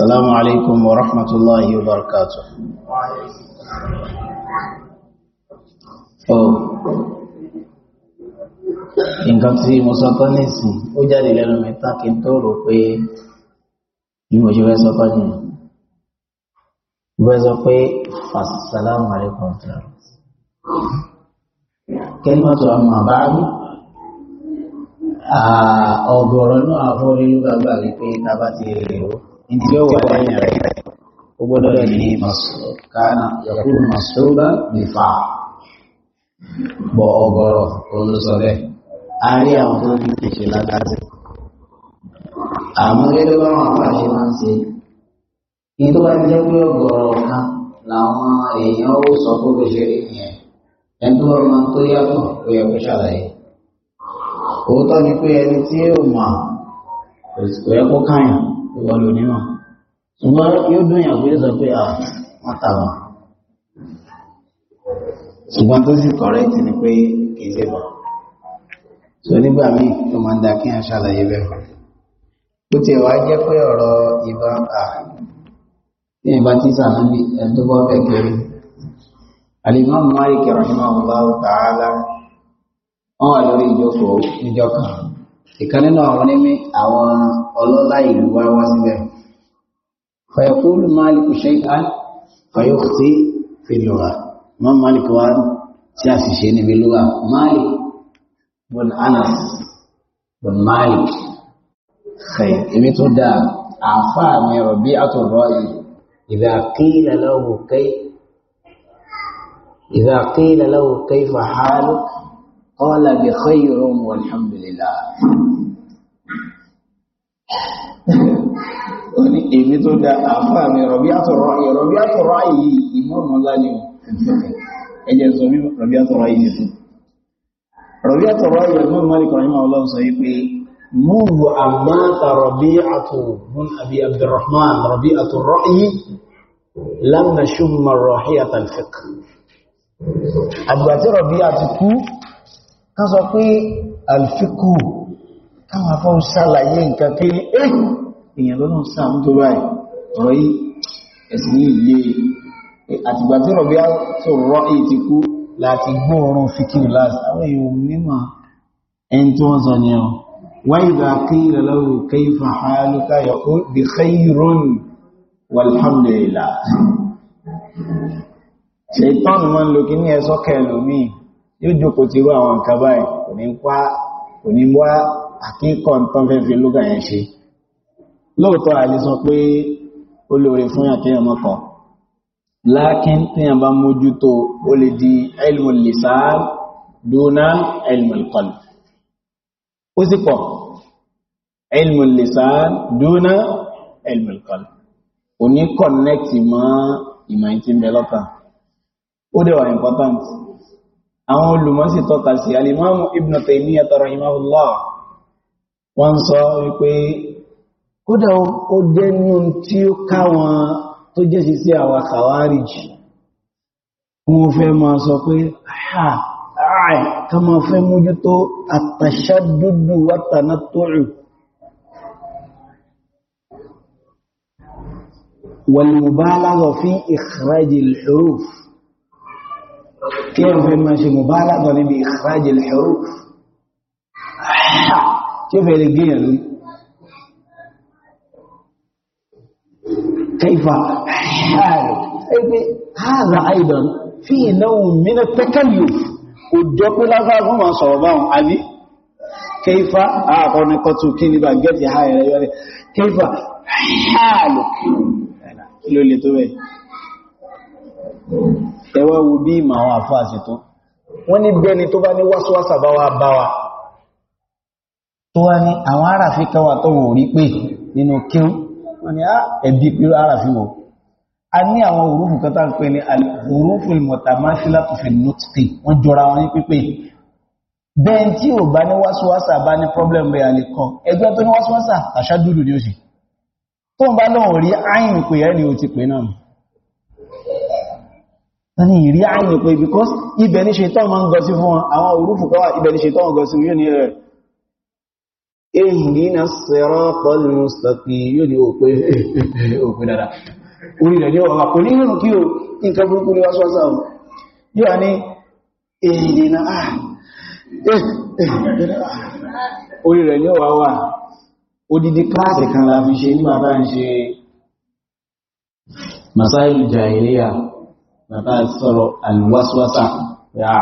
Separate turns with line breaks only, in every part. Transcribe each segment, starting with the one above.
السلام عليكم ورحمة الله وبركاته oh
nǹkan tí mo sọ
tán nísìn ó jáde lẹ́nu mi tán kí n tó rò pé
bí mo ṣe fẹ́ sọ tán
nìyẹn mo fẹ́ sọ pé fàṣàlámù àlékún kẹ́límà tó àwọn àbáàrí ọ̀gọ̀ọ̀rọ̀ náà àfọ́rí ló gbàgbà wípé tá a bá ti rèé o انت هو وبدل به مصدر كان يكون مصدوبا
بفعل bọ ọgọrọ olùsọlẹ a rí àwọn tó ní ìṣe lágbàtí àmọ́ gẹ́gẹ́ bá wọn àpá ṣe máa ń ṣe kí tó bá jẹ́ pé ọgọrọ kan làwọn èèyàn ó sọ fún bó ṣe rí yẹn ẹni tó bá máa tó yàtọ̀ ó yẹ ni pé ẹni tí ó mà kò yẹ ìwọ lò nínú
ṣùgbọ́n yóò dún ìyàwó yóò sọ pé wọ́n tà wọ́n ṣùgbọ́n tó sì correct ni pé kì í ṣe bọ̀ so nígbà míì tó máa ń da kí n ṣàlàyé bẹ́ẹ̀ ó ti wá
jẹ́ pé ọ̀rọ̀ ìbá
à ìkan nínú àwọn onímí àwọn ọlọ́lá ìlú wá wá síbẹ̀ fẹ̀kúlù máàlìkù ṣẹ́ká fẹ̀yọ́ sí fìlúwà mọ́ máàlìkù wá tí a sì ṣe níbi lúwà máàlìkù bùn anas bùn máàlìkù ṣẹ̀ èmi tó dáa àfà mi rọ̀bí àtọ̀rọ̀ ìdá kílẹ̀ lọ́wọ́ kẹ́ ìdá kílẹ̀ lọ́wọ́ kẹ́ fàhálùk قال بخير والحمد لله ó ní èmi tó dá àfáà mi Rabi'atul Ra'i Rabi'atul Ra'i yìí ìmọ̀mọ̀ lálẹ́ ẹjẹ́ sọ mí Rabi'atul Ra'i yìí fún
Rabi'atul Ra'i yìí
mọ́mọ̀ lè kọ̀rọ̀ ìmọ̀ ọlọ́run sọ yí pé mọ́wọ́ àmáta Rabi'atu mun Abi Abdurrahman Rabi'atul Ra'i lam nashumma rahiyatal fiqh àgbàtí Rabi'atu kú kan sọ pé alfikù káwọn afọ́ sàlàyé nǹkan pé èèyàn lọ́nà sáàmù tó báyìí ọ̀rọ̀ yìí ẹ̀sìn yìí lè e. àtìgbà tí rọ̀bí á tó rọ́ èyí ti kú láti gbọ́ ọ̀rọ̀ fíkìrì láti àwọn èèyàn mímọ̀ ẹni tí wọ́n sọ ni ọ وإذا قيل له كيف حالك يقول بخير والحمد لله yóò jókòó ti rú àwọn nǹkan báyìí kò ní wá kò ní wá àkíkọ̀ tán fẹ́ fi lúgà yẹn ṣe lóòótọ́ àyè sọ pé ó lóore fún àkíyàn mọ́kàn lákín tí a bá mójútó ó lè di ilmul lisan dúnà ilmul qalb ó sì pọ̀ ilmul lisan dúnà ilmul qalb ò mọ́ ìmọ̀ ìtìmẹ́lọ́kàn ó dẹ̀ wà important àwọn olùmọ́sí tọ́ka sí alimamu ibn Taymiyyah rahimahullah wọ́n sọ wípé kódà ó dẹnu tí ó káwọn tó jẹ́ sí sí àwọn Khawarij wọ́n fẹ́ máa sọ pé ha àì ká máa fẹ́ mójútó àtàṣádúdú wátànátòrò wal mubalagha fi ikhrajil huruf kí wọ́n fẹ́ máa ṣe mubalaga níbi ikhraj al-huruf tí ó fẹ́ lè gé yàn lórí kaifa hàlù ẹgbẹ́ hàlà àìdàn fi ìnáwó mìíràn tẹ́kẹ̀lú kò jọ pé lágbára fún wọn sọ̀rọ̀ báwọn àbí kaifa àkọ́ni kí ní bá gẹ́ẹ̀tì hàlù kaifa hàlù kí tó bẹ́ẹ̀ ẹ wá wo bí ìmọ̀ àwọn àfáà sí tó wọ́n ní bẹ́ni tó bá ní wáṣíwáṣà bá wá bá wa tó wá ní àwọn aráàfin káwà tó wò rí pé nínú kíw wọ́n ní ẹ̀bí pé aráàfin wò a ní àwọn òrùfù kọta ń pè ní òrùfù mọ̀tàmáṣílá tó fi nùtìkì wọ́n jọra wọn ní pípé bẹ́ẹ̀ tí ò bá ní wáṣíwáṣà bá ní problem bẹ́ẹ̀ àlè kan ẹgbẹ́ tó ní wáṣíwáṣà àṣájúlù ni ó sì tó ń bá lọ́wọ́ rí áyìn pè ẹ́ ni ó ti wọ́n ìrí àìní pé because ibẹ̀ ní ṣetán ma ń gọ sí fún wọn àwọn òrùfù kọwà ibẹ̀ ní ṣetán gọ sí yóò ní rẹ̀ ihdina siratal mustaqim yóò ní òpé òpé dada orí rẹ̀ yóò
ní ihdina eh,
eh, orí bàbá sọ̀rọ̀ àlùwásíwásá yà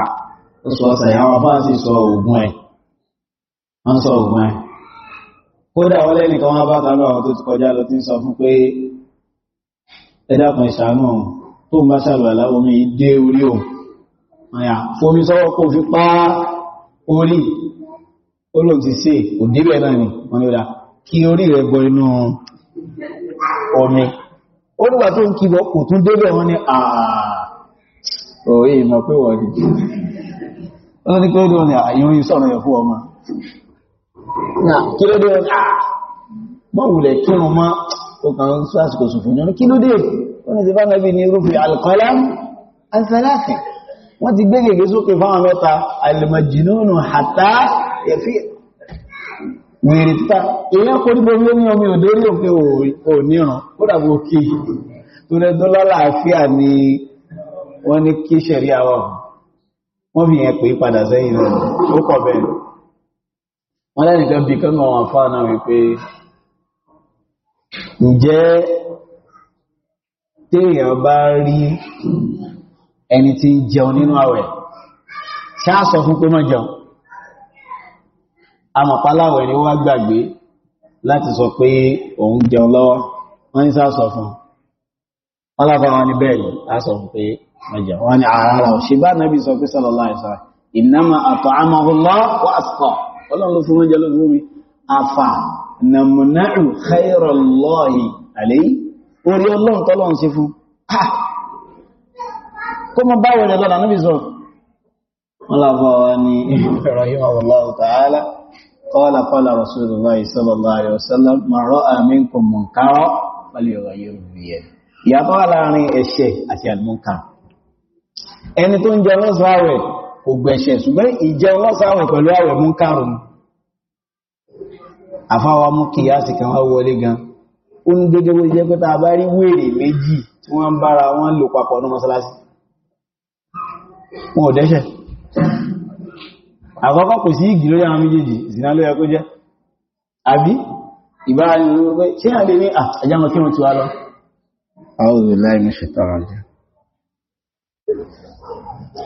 ó sọ ọ̀sẹ̀ àwọn afá sì sọ ògùn ẹ̀ wọ́n sọ ògùn ẹ̀ kódà wọlé nìkan wọ́n bá tàbí àwọn tó ti kọjá lọ tí ń sọ fún pé ẹ̀dàkùn ìṣàánú tó ń bá ṣàlùwàlá omi dé orí òun àyà fomi sọ́wọ́ kó fi pá orí olóòtí òdíbẹ̀ náà ni wọ́n ni kí orí rẹ̀ gbọ́ inú omi ó tó ń kíbọ̀ kò tún débẹ̀ wọ́n ni àà òye ìmọ̀ pé wọ́n ni ó ní kí ló dé ní àyíwí sọ̀rọ̀ yẹ̀ fún ọmọ kí ló dé ní ah! mọ́wùlẹ̀ kírun mọ́ ó kàn ń sásìkò sùfún ní kí ló dé ó ní ti bá nàbí ní irúfẹ́ alkọ́lá alfẹ́láfẹ́ wọ́n ti gbé gègé sókè fáwọn mẹ́ta alìmọ̀jìnúnù hàtà ẹ̀fí wèrè títà èyàn kò ní ni wọ́n ní kí ṣẹ̀rí àwọ̀ wọ́n fi yẹn pè padà sẹ́yìn rẹ̀ ó pọ̀ bẹ́ẹ̀ wọ́n lẹ́nìkan bí kánú àwọn afá náà wípé ǹjẹ́ téèyàn bá rí ẹni tí ń jẹun nínú àwẹ̀ ṣáà sọ fún pé má jẹun amọ̀páláwẹ̀ ni wá gbàgbé láti sọ pé òun jẹun lọ́wọ́ wọ́n ní sáà sọ fún wọ́n wọn ní bẹ́ẹ̀ lọ fún pé ọjà wọ́n ni ààrà òṣìgbà náàbí sọ pé sallallahu alaihi wasallam innama at'amahu Allah wa asqa ọlọ́run ló fún oúnjẹ ló fún mi afa namna'u khairallahi alayhi orí ọlọ́run tọ́lọ́run sí fún ha kó mọ báwo rẹ̀ lọ́nà náàbí sọ wọ́n lábọ̀ wá ní rahimahullahu ta'ala qala qala rasulullahi sallallahu alaihi wasallam man ra'a minkum munkaran falyughayyirhu biyadihi wà láàrin ẹ̀ṣẹ̀ àti àlùmọ́ǹkà ẹni tó ń jẹ lọ́sàn àwẹ̀ kò gbẹ̀ṣẹ̀ ṣùgbọ́n ìjẹ lọ́sàn àwẹ̀ pẹ̀lú àwẹ̀ mú kárùn àfáwà mú kìyàsì kan wá wọlé gan ó ní dédé wó jẹ́ pẹ́ta bá rí wèrè méjì tí wọ́n bára wọn lò papọ̀ ní mọ́sálásí wọn ò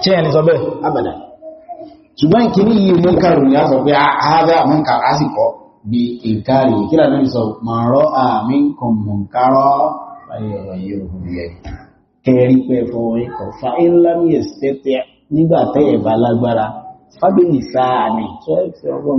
tí ẹni sọ bẹ́ẹ̀ abẹ̀lẹ̀ ṣùgbọ́n ìkíní yìí mú kàrù ní àṣọ pé àádá ah, mú kàrù á sì kọ́ bí ìkàrì ìkílà náà sọ mọ̀rọ̀ àmì kan mọ̀ kárọ̀ kẹrí pé fọwọ́ ikọ̀ fa ìlànà ìsẹ́tẹ̀ nígbà tẹ́yẹ̀ bá lágbára fábílì sáà ní tó ẹ̀fẹ́ ọgbọ́n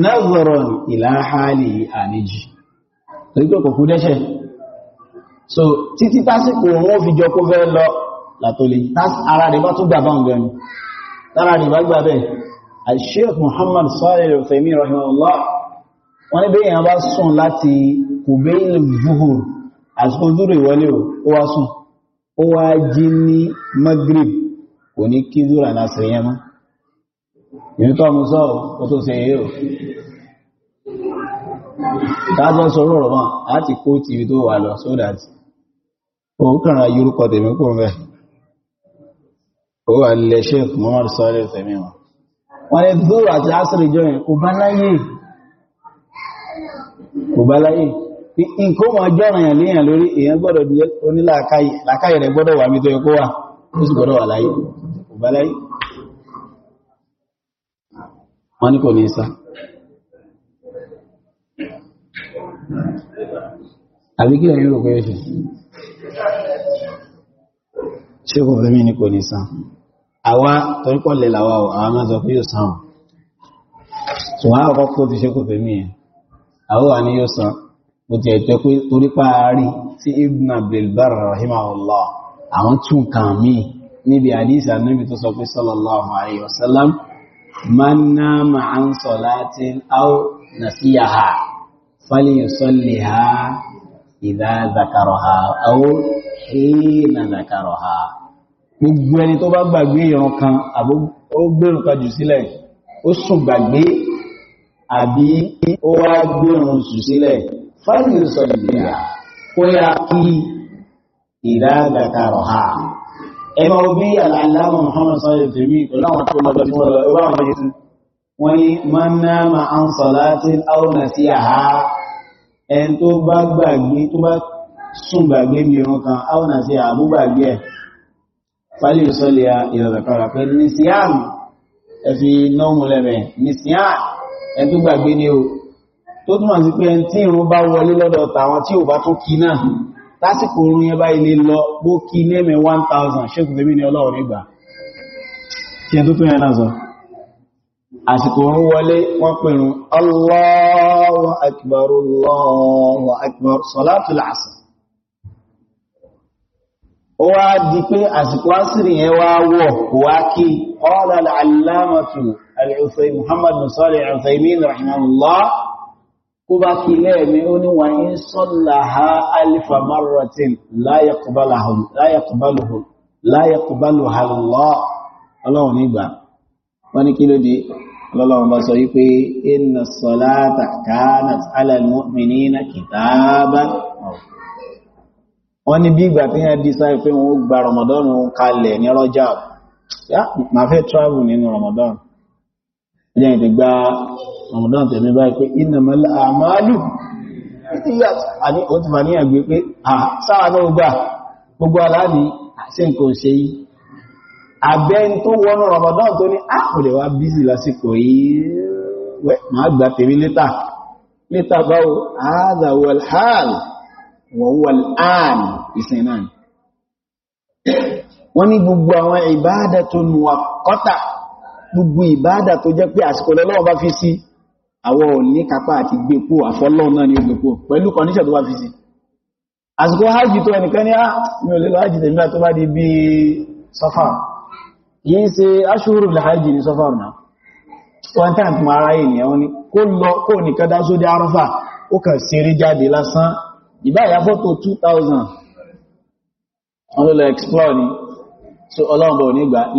nazaron ìlàhálì àníjì lórí kò kú dẹ́ṣẹ̀ so títí tásìkò wọn fi jọ kó fẹ́ lọ látọlẹ̀ ara rẹ̀ bá tún gbà bá ń gẹnu tára rẹ̀ bá gbà bẹ́ẹ̀ al-Sheikh Muhammad Salih al-Uthaymeen rahimahullah wọ́n ní bẹ́yàn bá sùn láti ìrítọ́ mú sọ o tó ṣe èyí o dájọ́ sọ̀rọ̀ ọ̀rọ̀ wọn láti kó ti ibi tó wà lọ so that o kàrà yorùkọ tèmi kò mẹ́ o wà lè ṣe mọ́wàá sọ́rẹ̀ tèmi wọn wọ́n lè dúró àti asìrì jọyìn kò bá láyé kò bá láyé nǹkan mọ̀ ọjọ́ ìrìnà léyàn lórí èèyàn gbọ́dọ̀ di onílàákàyè rẹ̀ gbọ́dọ̀ wà mí kó wà ó sì gbọ́dọ̀ wà láyé kò wọ́n ní kò ní sá àbí kí ẹ̀yìn òkú ẹ̀ṣẹ̀ ṣe kò fẹ́ mi ní kò ní sá àwa torípọ̀ lè làwà ò àwọn mẹ́sọ pé yóò sáwọn ṣùgbọ́n àkọ́kọ́ kó ti ṣe kò fẹ́ mi ẹ̀ wà ní yóò sán mo ti ẹ̀jọ́ pé torípa rí sí ibn abdulbar rahimahullah àwọn tún kàn mí níbi àdísà níbi tó sọ pé sallallahu alayhi wasallam من نام عن صلاة أو نسيها فليصلها إذا ذكرها أو حين ذكرها gbogbo ẹni tó bá gbàgbé ìran kan àbí ó gbèrún kan jù sílẹ̀ ó sùn gbàgbé àbí ó wá gbèrún jù sílẹ̀ fáìlì sọ ìgbéyà kó yá kí ìdá ذكرها ẹmọ bí aláàlámà Muhammad sọ́yẹ̀ tèmi pẹ̀lú àwọn tó lọ́gbà tí wọ́n lọ ẹwà àwọn yìí wọ́n ni mọ́nà ma ń sọ láti áwọnà sí àhá ẹn tó bá gbàgbé tó bá sùn gbàgbé mìíràn kan áwọnà sí àbú gbàgbé ẹ̀ fálì sọ́lẹ̀ ìrọ̀lẹ̀kọ̀rọ̀ pé ní síáàmù lásìkò orun yẹn bá ilé lọ bó kí ní ẹ̀mẹ̀ 1000 ṣékù fèmí ní ọlọ́run nígbà kí ẹ tó tó yẹn náà sọ àsìkò orun wọlé wọ́n pẹ̀rún Allahu akbar Allahu akbar salatul asr ó wá ó bá kí lẹ́ẹ̀mí ó ní wà ń sọ́lá ha alifa marratin láyẹ̀kọ̀bálò hàlọ́ ọlọ́run nígbà wọ́n ní kí ló dé ọlọ́run bá sọ wípé inna salata kanat ala almu'minina kitaban wọ́n ní bí ìgbà tí yẹn dísá pé wọ́n gba Ramadan kalẹ̀ ní Rajab máa fẹ́ travel nínú Ramadan lẹ́yìn ti gba ọmọdán tẹ̀mí báyìí pé innamal a'malu àbẹ́ tó wọnú Ramadan tó ní àpùlẹ̀ wá bízì lásìkò yìí wẹ́ máa gbà tèmi létà létà báwo hadha wal hal wa huwa al an ìsìn náà wọ́n ní gbogbo àwọn ibadatun muwaqqata gbogbo ìbádà tó jẹ́ pé àsìkò lọ́wọ́ bá fi sí àwọn òní kápá àti gbèpò àfọ́lọ́ náà ni gbèpò pẹ̀lú kọ̀níṣẹ̀ tó bá fi sí àsìkò hajj tó ẹnìkan ní àmì ah, olèlò hajj tèmílá tó bá di bí sọfà yìí ṣe aṣúrù hajj ní sọfà ọ̀nà one time ma ara yìí nìyàwó ni kó lọ kó nìkan dá sódé ni so ọlọ́run bọ̀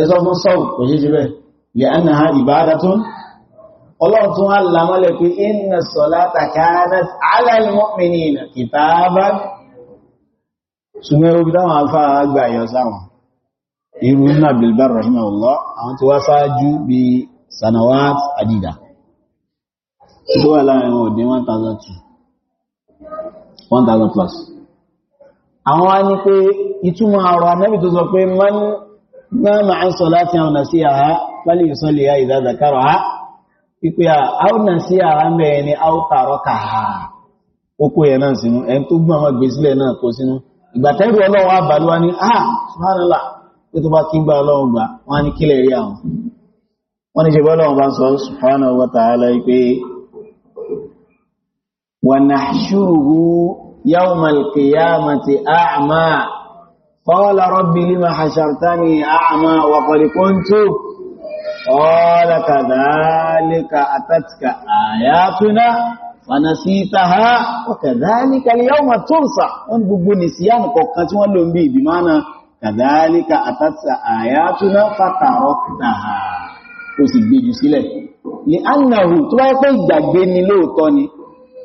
ẹsọ fún sọ́ọ̀ kò ṣe jẹ́ bẹ́ẹ̀ lè an náà ìbáadá tó ọlọ́run tún wá lámọ́lẹ̀ pé iná sọ́lá takáná alálìmọ́mìnì ìnà ìtàbá ṣùgbọ́n obi dáwọn afá àgbà yọ sáwọn irú náà bilbar rahimahullah àwọn tó wá sáájú 1000 plus àwọn wá ní pé ìtumọ̀ ọ̀rọ̀ anẹ́bì tó sọ pé mọ́ni ma án sọ̀láti àwọn nàṣí àhá pálí ya ha iku ya nàṣí àhá mẹ́rin ni a ha na kàá ókó yẹ náà sínú ẹn tó gbọ́n àwọn gbèsílẹ̀ náà kó sínú ìgbàtẹ́rù ọlọ́run àbàlúwa ní àà subhanallah pé tó bá kí gbá ọlọ́run gbà wọ́n ní kílẹ̀ rí àwọn wọ́n ní ṣebọ́ ọlọ́run bá sọ subhanahu wa ta'ala pé wa قال رب لما حشرتني أعمى وقد كنت قال كذلك أتتك آياتنا fanasitaha wakadhalika alyawma tursa wọ́n gbogbo nìsíyàmù kọ̀ọ̀kan tí wọ́n lò ń bí ìbí máa na kàdálíkà àtàtà àyàtúná fàtàrọ̀tàhà ó sì gbéjù sílẹ̀ ní annahu tó báyé pé ìgbàgbé ni lóòtọ́ ni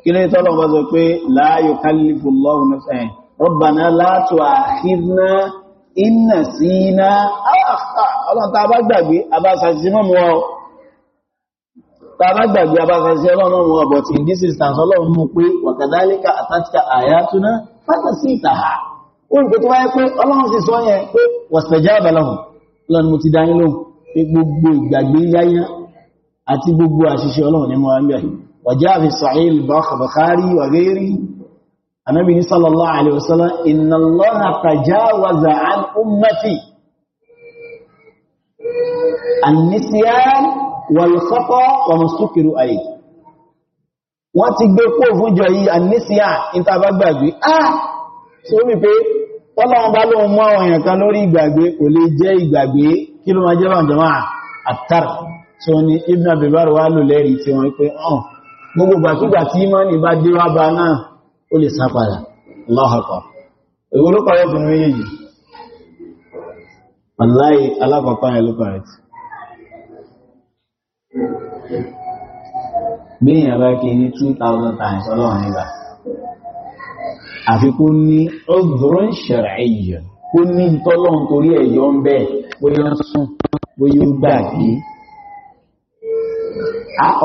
kí ló tọ́lọ́ bá sọ pé la yukallifu Allahu nafsan Rabbana la tu'akhidhna in nasina
aw akhta'na
ọlọ́run tá a bá gbàgbé abáṣàṣì mọ́mú ọ tá a bá gbàgbé ọlọ́run mọ́ ọ̀bọ̀ tí this instance ọlọ́run mú pé wa kadhalika atatka ayatuna fanasitaha ó ń pè tó wáyé pé ọlọ́run sì sọ yẹn pé wastajaba lahum ọlọ́run mo ti dání lóhùn pé gbogbo ìgbàgbé yáyá Ànábì ní sallallahu alaihi wasallam inna Allaha tajawaza an ummati an-nisyan wal khata wa mastukiru ayé wọ́n ti gbé kó fúnjọ yìí an-nisyan ìtàbá gbàgbé ah tí ó mi pé Ọlọ́run bá lóun mọ́ àwọn èèyàn kan lórí ìgbàgbé kò lè jẹ́ ìgbàgbé kí ló máa jẹ́ bàjọ́mà àtàr tí ó Ibn Abi Barr wà lò lẹ́rìí tí wọ́n pé ọ̀n gbogbo gbàkúgbà tí mọ́ni bá dé wá bá náà ó lè sá padà lọ́hàpá èwo ló fún aláì alápapá ẹ̀ ló tí bí kí ní 2000 times ọlọ́run nígbà ní ṣẹ̀rẹ̀ ní tọ́lọ́run torí ń bẹ́ẹ̀ bóyá sùn bóyá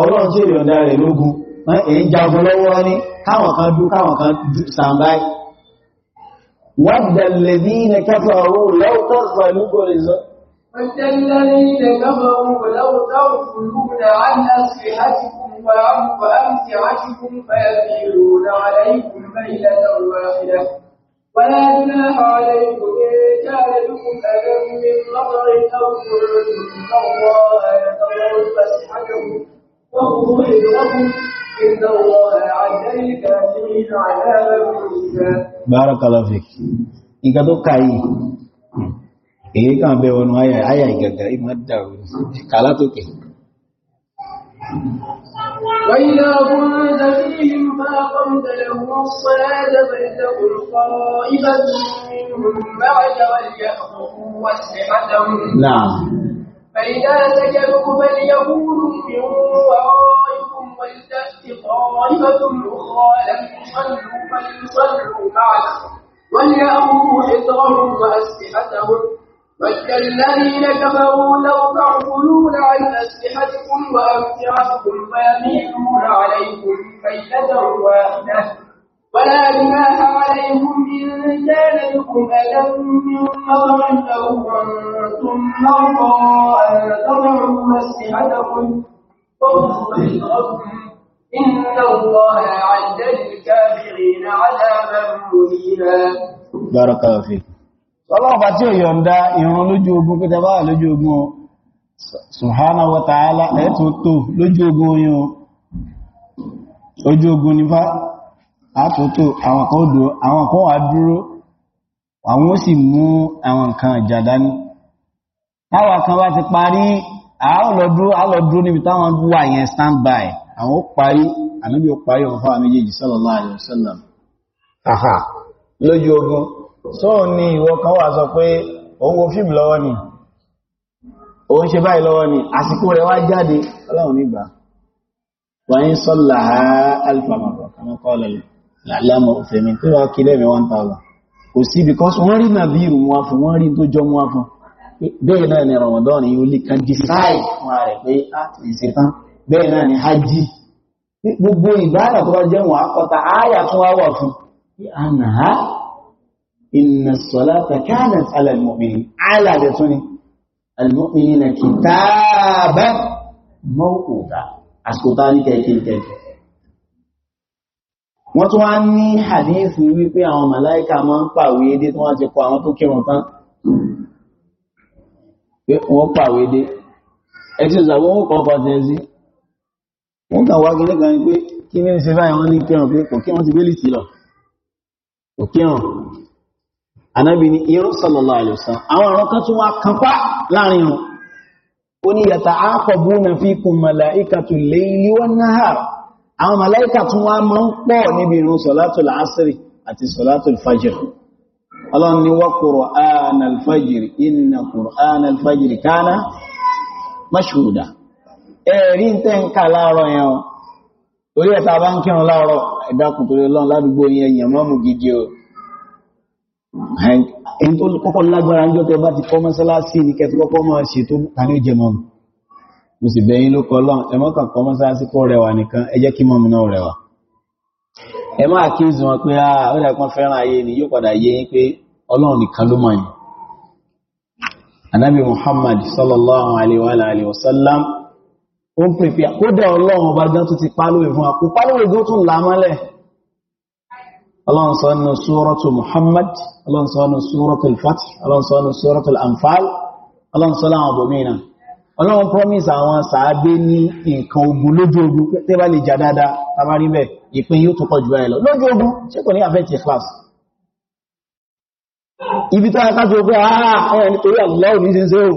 ọlọ́run tí èèyàn dára lógún ẹ̀yìn káwọn kan dú káwọn kan sàmbáyì wàdàlẹ̀dí na kẹfà owó lọ́tọ́ pẹ̀lú
كَفَرُوا لَوْ تَغْفُلُونَ عَنْ وَأَمْتِعَتِكُمْ عَلَيْكُمْ ولا جناح عليكم إن كان لكم من مطر أو جرد فالله يتغفر فاسحته وهو يدركم إن الله عجيك من عذاب موسى
بارك الله فيك nǹkan tó ka yìí èyí kan bẹ wọnú àyà ìgàgà ìmọ̀ dàrú kàlá tó kẹ
وإذا كنت
فيهم فأقمت لهم الصلاة فلتقل طائفة منهم معك وليأخذوا أسلحتهم نعم فإذا سجدوا فليكونوا من وراء ولتأت طائفة أخرى لم يصلوا فليصلوا معك وليأخذوا حذرهم وأسلحتهم ود الذين كفروا لو تعفلون عن أسلحتكم وأمتعتكم فيميلون عليكم ميلة واحدة
ولا جناح
عليكم إن كان لكم ألم من مطر أو كنتم مرضى أن تضعوا أسلحتكم انظر ربك إن الله أعد للكافرين عذابا مهينا
بارك الله
فيك Ọlọ́run bá tí ó yọ̀nda ìrun lójú ogun pẹ́ta bá lójú ogun ṣùhánà wọ́tàálá ẹ̀tù tó lójú ogun oyin ojú ogun nífà àtòtò àwọn kan dò àwọn kan wà dúró àwọn ó sì mú àwọn kan jàdání. Táwà kan bá ti parí àálọ́dúró àálọ́dúró níbi táwọn wà yẹn standby àwọn ó parí ànábì ó parí ọ̀fà méjèèjì sallallahu alaihi wasallam àhà lójú ogun só ní ìwọ kan wà sọ pé òun wo fíìmù lọ́wọ́ ni òun ṣe báyìí lọ́wọ́ ni àsìkò rẹ̀ wá jáde ọlọ́run nígbà wà ń sọ́là alfàmọ̀rọ̀ kàmọ́ kọ́lẹ̀ lálẹ́mọ̀ òfèmí tó lọ kí lẹ́mí 1000 kò sí because wọ́n rí nàbí ìrùn wọn fún wọ́n rí tó jọ wọn bẹ́ẹ̀ náà ni Ramadan yíò lè kan decide fún ààrẹ pé láti ah, ìsẹ́ tán bẹ́ẹ̀ náà ni hajji gbogbo ìbára tó bá jẹ́ wọn akọta ayà tún wá wà fún àná inna as-salata kanat 'ala al-mu'minin aláàdẹ̀ tún ni al-mu'minina kitaban mawquta àsìkòtà ní kẹ́kẹ́kẹ́ wọ́n tún wá ní hadith wípé àwọn màláìkà máa ń pàwé dé tí wọ́n ti kọ àwọn tó kírun tán pé wọ́n pàwé dé ẹ̀tíṣà wọ́n kọ́ fàtẹ́sí wọ́n kàn wá gílé gan pé kí ní ṣe báyìí wọ́n ní kíràn pé kò kíràn ti bẹ́lì sí lọ kò kíràn anábì ni irun sallallahu alaihi wasallam àwọn ọ̀rọ̀ kan tún wá kanpá láàrin wọn ó ní yàtà aqabuna fikum malaikatul layli wan nahar àwọn màláìkà tún wá máa ń pọ̀ níbi irun salatul asri àti salatul fajr ọlọ́run ni wa Qur'an al-fajr inna Qur'an al-fajr kana mashhuda ẹ̀rí tẹ́ ń kà láàárọ̀ yẹn o torí ẹ̀ta bá ń kírun láàárọ̀ ẹ̀dákùn torí ọlọ́run ládùúgbò yẹn yẹn mọ́mù gidi o ẹni tó kọ́kọ́ lágbára ń jọ́tẹ́ bá ti kọ́ mọ́sálásí ní kẹtù kọ́kọ́ mọ́ ṣe tó tàní ó jẹ mọ́mù mo sì bẹ̀yìn ló kọ́ lọ́n ẹmọ́ àkíyèsí wọn pé ah, ó dàgbọ́n fẹ́ràn ayé ni yóò padà yé yín pé ọlọ́run nìkan ló mọ̀ yìí anábì muhammad sallallahu alaihi wa sallam ó ń pèpè àkódà ọlọ́run ọba gán tó ti pálówè fún àkó pálówè gó tún lámọ́lẹ̀ ọlọ́run sọ nínú suratul muhammad ọlọ́run sọ nínú suratul fath ọlọ́run sọ nínú suratul anfal ọlọ́run sọ láwọn ọbọ̀mìnà ọlọ́run promise àwọn sàábé ní nǹkan ogun lójú ogun tẹ́bá lè jà dáadáa tàbárí bẹ́ẹ̀ ìpín yóò tó pọ̀ jù báyìí lọ lójú ogun ṣé kò ní àfẹ́ ti class ibi tó aká tó pé ààrẹ nítorí àlọ́rùn ní ṣe ó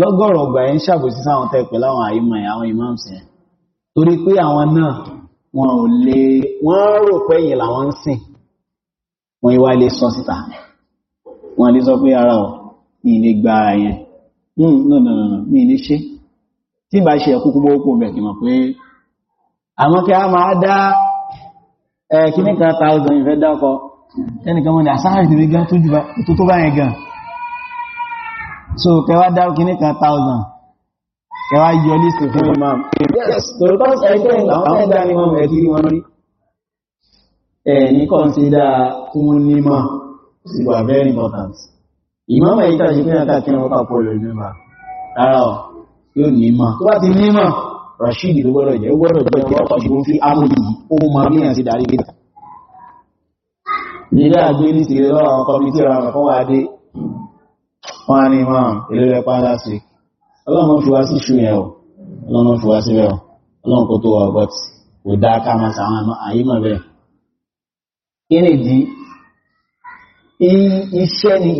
lọ́gọ́rọ̀ ọgbà ẹ̀ ń ṣàbòsí sáwọn tẹ́pẹ̀ láwọn àìmọ̀ àwọn imams ẹ̀ torí pé àwọn náà wọn ò lè wọ́n rò pé yìí làwọn ń sìn wọ́n ìwà ilé sọ síta wọ́n lè sọ pé ara ọ̀ ní ilé gba ẹ̀yẹn no no no mi ní ṣe tí bá ṣe ẹ̀kú kúgbó kò bẹ̀ kìmọ̀ pé àwọn kí a máa dá ẹ̀kíníkan eh, thousand ìfẹ́ dákọ̀ọ́ ẹnìkan mọ́ ni àsáhàrì ah, tèmi gan tó tó bá yẹn gan so kẹwàá dá òkè ní kan thousand kẹwàá yọ lísì fún imam yes tòrótọ́ ẹgbẹ́ àwọn ẹ̀dá ni wọ́n mẹ́rin tí wọ́n rí ẹ̀ ní kọ́nsídà fún nímọ̀ sí wà very important imam ẹ̀yí tàbí pé náà kí wọ́n pàpọ̀ lórí nímọ̀ rárá ọ̀ yóò nímọ̀ tó bá ti nímọ̀ rashid ló gbọ́dọ̀ jẹ́ ó gbọ́dọ̀ jẹ́ ọ̀pọ̀ ìgbóhùn fi amòyí ó máa bí àti darí gẹ́gẹ́
ilé àgbé ní ti lọ́wọ́ àwọn kọmitì ọ̀rọ̀
fún wa dé wọ́n á ní máa ìlẹ́lẹ́ padà sí ọlọ́run fi wá sí ṣù yẹn o ọlọ́run fi wá sí bẹ́ẹ̀ ọlọ́run kò tó wà bọ́t kò dá ká máa sàwọn àyímọ̀ bẹ́ẹ̀ kí ni ìdí iṣẹ́ ni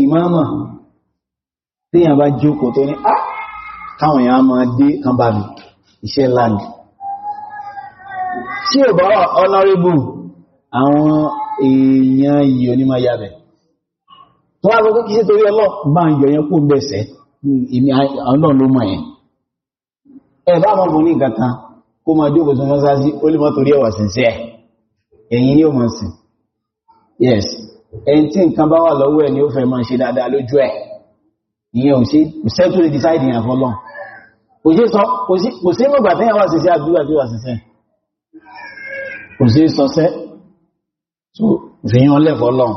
ah! àwọn èèyàn yìí onímọ̀ ya bẹ̀ tó wá gbogbo kìí torí ọlọ́ bá ń yọ yẹn kó bẹ̀ẹ̀sẹ̀ ìmì ọlọ́run ló mọ̀ yẹn ẹ bá mọ̀ ní ìkàtà kó máa jókòó sọ mọ́sáájí ó lè mọ́ torí ẹwà sínsẹ́ ẹ̀yìn ni ó mọ̀ yes ẹni tí nǹkan bá wà lọ́wọ́ ẹ̀ ni ó fẹ́ máa ṣe dáadáa lójú ẹ̀ ìyẹn ò sí ṣẹ́tù lè decide ìyàn fọ́lọ́ kò sí sọ kò sí mọ̀gbà tí wà sínsẹ́ àdúrà tí wà sínsẹ́ kò sí sọ sẹ́ fèyàn lẹ́fọ́ lọ́n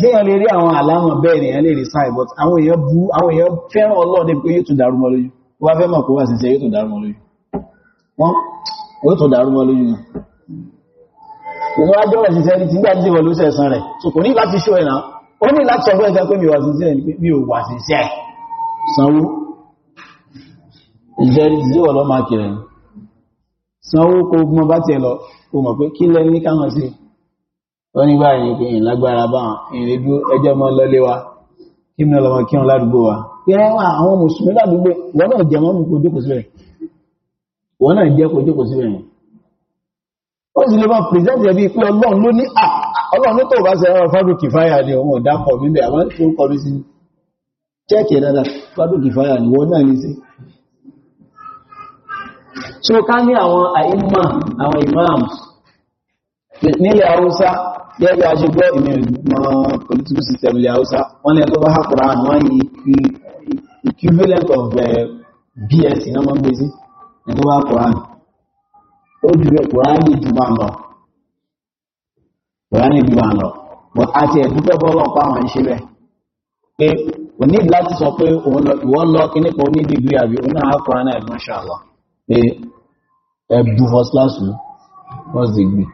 ṣe yàn lè rí àwọn àlámọ̀ bẹ́ẹ̀ ni yàn lè rí sáì but àwọn èèyàn bú àwọn èèyàn fẹ́ràn Ọlọ́run dé pé yóò tún dàrú mọ́ lójú wá fẹ́ mọ̀ kó wà sí yóò tún dàrú mọ́ lójú wọ́n yóò tún dàrú mọ́ lójú ìwọ́n jọ́rọ̀ síṣẹ́ ní ti gbà tí wọ́n ló sẹ̀sán rẹ̀ so kò ní láti ṣó ẹ̀nà ó ní láti sọ fún ẹ̀sẹ̀ pé mi wà síṣẹ́ ní pé mi ò wà síṣẹ́ sanwó ìjẹ́rí tí wọ́n lọ máa kìrẹ̀ sanwó kó mọ́ bá tiẹ̀ lọ kó mọ̀ pé kí lẹ́ ní káwọn sí wọ́n ní báyìí pé ìyìn lágbára bá ìrìn dúró ẹjọ́ mọ́ lọlé wa kí mọ́ lọmọ kí wọn ládùúgbò wa pẹ́rẹ́ wà àwọn mùsùlùmí ládùúgbò wọ́n náà jẹ mọ́mù kò jókòó sílẹ̀ wọ́n náà jẹ́ kò jókòó sílẹ̀ yẹn ó sì lè máa pèsèǹtì ẹbí pé ọlọ́run ló ní ọlọ́run ló tó
ni òun
ọ̀dà nílẹ̀ haúsá gẹ́gẹ́ bí a ṣe gbọ́ ìmẹ̀ political system ilẹ̀ haúsá one ní ẹgbẹ́ bá equivalent of eh, bs náà wọ́n gbé sí ẹgbẹ́ bá ju ẹ̀kùrá ní ìjùmọ̀ lọ kùrá ní but àti ẹ̀dúpẹ́ bọ́lọ̀ pa àwọn ìṣe rẹ̀ lati so pe láti sọ pé ìwọ lọ kíní kan ní dìgírí àbí òun náà hàpùrá náà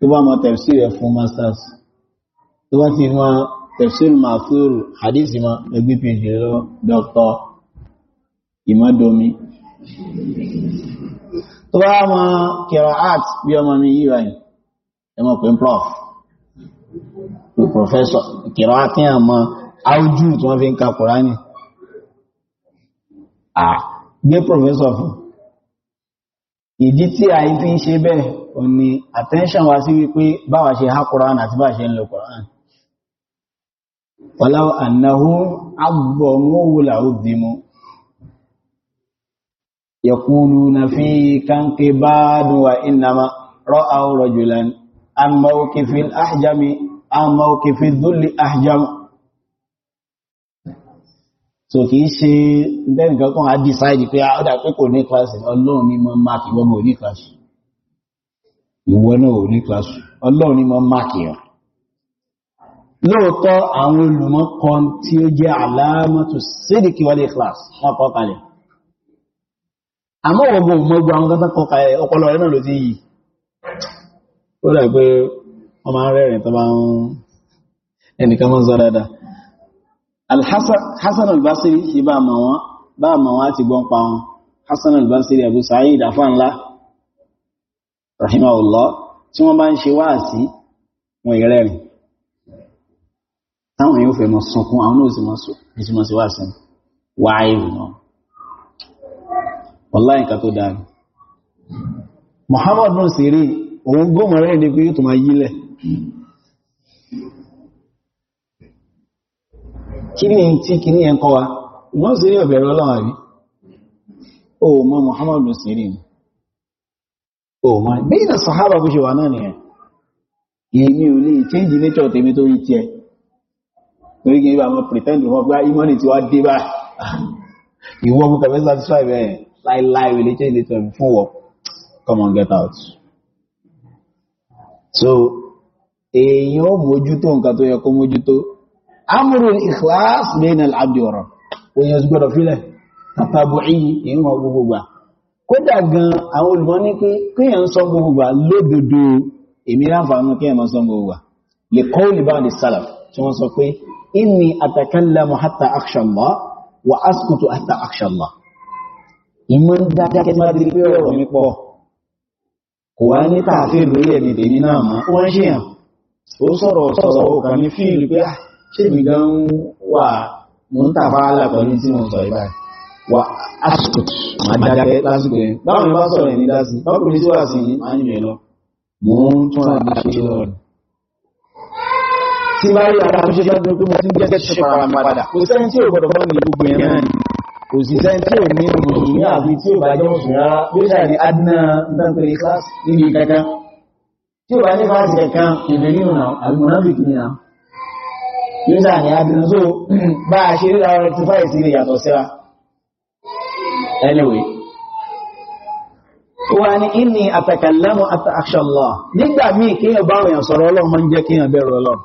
tó bá mọ tẹ̀sí rẹ̀ fún masters tó bá ti mọ tẹ̀sí ma fúrù hadith ma ẹgbẹ́ phd lọ dr imadomi tó bá mọ kẹrọ art bí ọmọ mi yíwa yìí ẹ mọ̀ pé prof professor kẹrọ art ní àmọ́ áújú tí wọ́n fi ń ka kùránì à professor fún ìdí tí a fi ń ṣe bẹ́ẹ̀ ò ní attention wa sí wípé báwa ṣe há Quran àti báwa ṣe ń lo Quran walaw annahum azzamuhu la'udhimu yaquluna fi kankibad wa innama ra'aw rajulan an mawqifil ahjami an mawqifid dhulli ahjam so kìí ṣe dẹ́nìkan kan á decide pé ah, ó dà pé kò ní class ọlọ́run ní mọ́ mark ìwọ́gbọ̀ ní class ìwọ náà ò ní kílásù ọlọ́run ní mọ́ máàkì hàn lóòótọ́ àwọn olùmọ̀ kan tí ó jẹ́ àlámọ́tò sídìkì wọlé kílásù wọ́n kọ́ kalẹ̀ àmọ́ ọgbọ̀n mọ́gbọ́ àwọn kọ́tà kọ́ kalẹ̀ ọpọlọ rẹ̀ náà ló ti yìí ó dà pé wọ́n máa rẹ́rìn tó bá ń ẹnìkan mọ́ sọ dáadáa albasiri ṣe bá àmà wọn bá àmà wọn albasiri abu sa'id rahimahullah tí wọ́n bá ń ṣe wáàsí wọn ìrẹ́rìn táwọn èèyàn fẹ́ mọ́ sọkún àwọn náà sì mọ́ sọ èsì mọ́ sí wáàsí wà áìrù náà wọ́n láìka tó dáa ni Muhammad náà sì rí òun ní pé yóò tó máa kí ni tí kí ní ẹ̀kọ́ wa sì rí ó ó oh, mọ̀ bẹ́yìn sàhábà bó ṣe wà náà nìyẹn èmi ò lè change nature tèmi tó rí tí ẹ torí gẹ́gẹ́ bá mọ́ pretend wọ́n pé imọ́ni ah, tí wá dé bá ìwọ́n mú kẹfẹ́ satisfy bẹ́ẹ̀ láìláì ò lè change nature fún wọ́ come on get out so èèyàn ó mójútó nǹkan tó yẹ kó mójútó
amúrùn ikhlas
bẹ́ẹ̀ náà abdi ọ̀rọ̀ òyìn ọ̀sùgbọ́dọ̀ fílẹ̀ tàbí ìyí ìwọ̀n gbogbo gbà kódà gan àwọn olùmọ̀ ní pé kíyàn sọ gbogbo wà lódodo èmi ráfàánú kíyàn mọ́ sọ gbogbo wà lè kọ́ olùbá lè salaf tí wọ́n sọ pé inni atakallamu hatta akhsha Allah wa askutu hatta akhsha Allah ìmọ̀ ń dáadáa kẹ́tí máa dìrí pé ọ̀rọ̀ mi pọ̀ kò wá ní tààfin lórí ẹ̀mí tèmi náà mọ́ ó wọ́n ṣe hàn ó sọ̀rọ̀ sọ̀rọ̀ ó kà ní fíìlì pé ah, ṣé mi gan wà tí mo sọ ìbáyìí wà áṣùkò máa dákẹ́ lásìkò yẹn báwọn ni bá sọ̀rọ̀ ní dásí bákùnrin tí wà sí yìí máa ń yìnbẹ̀ lọ mò ń tún àmì ṣe lọ rẹ̀ tí bá rí ara tó ṣe lọ́dún pé mo ti ń jẹ́ ṣe para padà kò sẹ́ni tí ò gbọ́dọ̀ bọ́ ní gbogbo yẹn náà ni kò sí sẹ́ni tí ò ní mùsùlùmí àbí tí ò bá jẹ́ mùsùlùmí rárá bí ó ṣàì ní adínà ìtànkiri kíláàsì níbi kankan tí ò bá ní kíláàsì kankan ìbẹ̀ ní ọ̀nà àbí mọ̀nàbìkì ni àwọn yóò ṣàì ní adínà tó bá a ṣe rí ara rẹ̀ ti fáìsì rẹ̀ yàtọ̀ síra anyway wà ní inni àtàkàlẹ́mù àtàkṣàlọ́ nígbà míì kí yàn báwọn yàn sọ̀rọ̀ ọlọ́run máa ń jẹ́ kí yàn bẹ̀rù ọlọ́run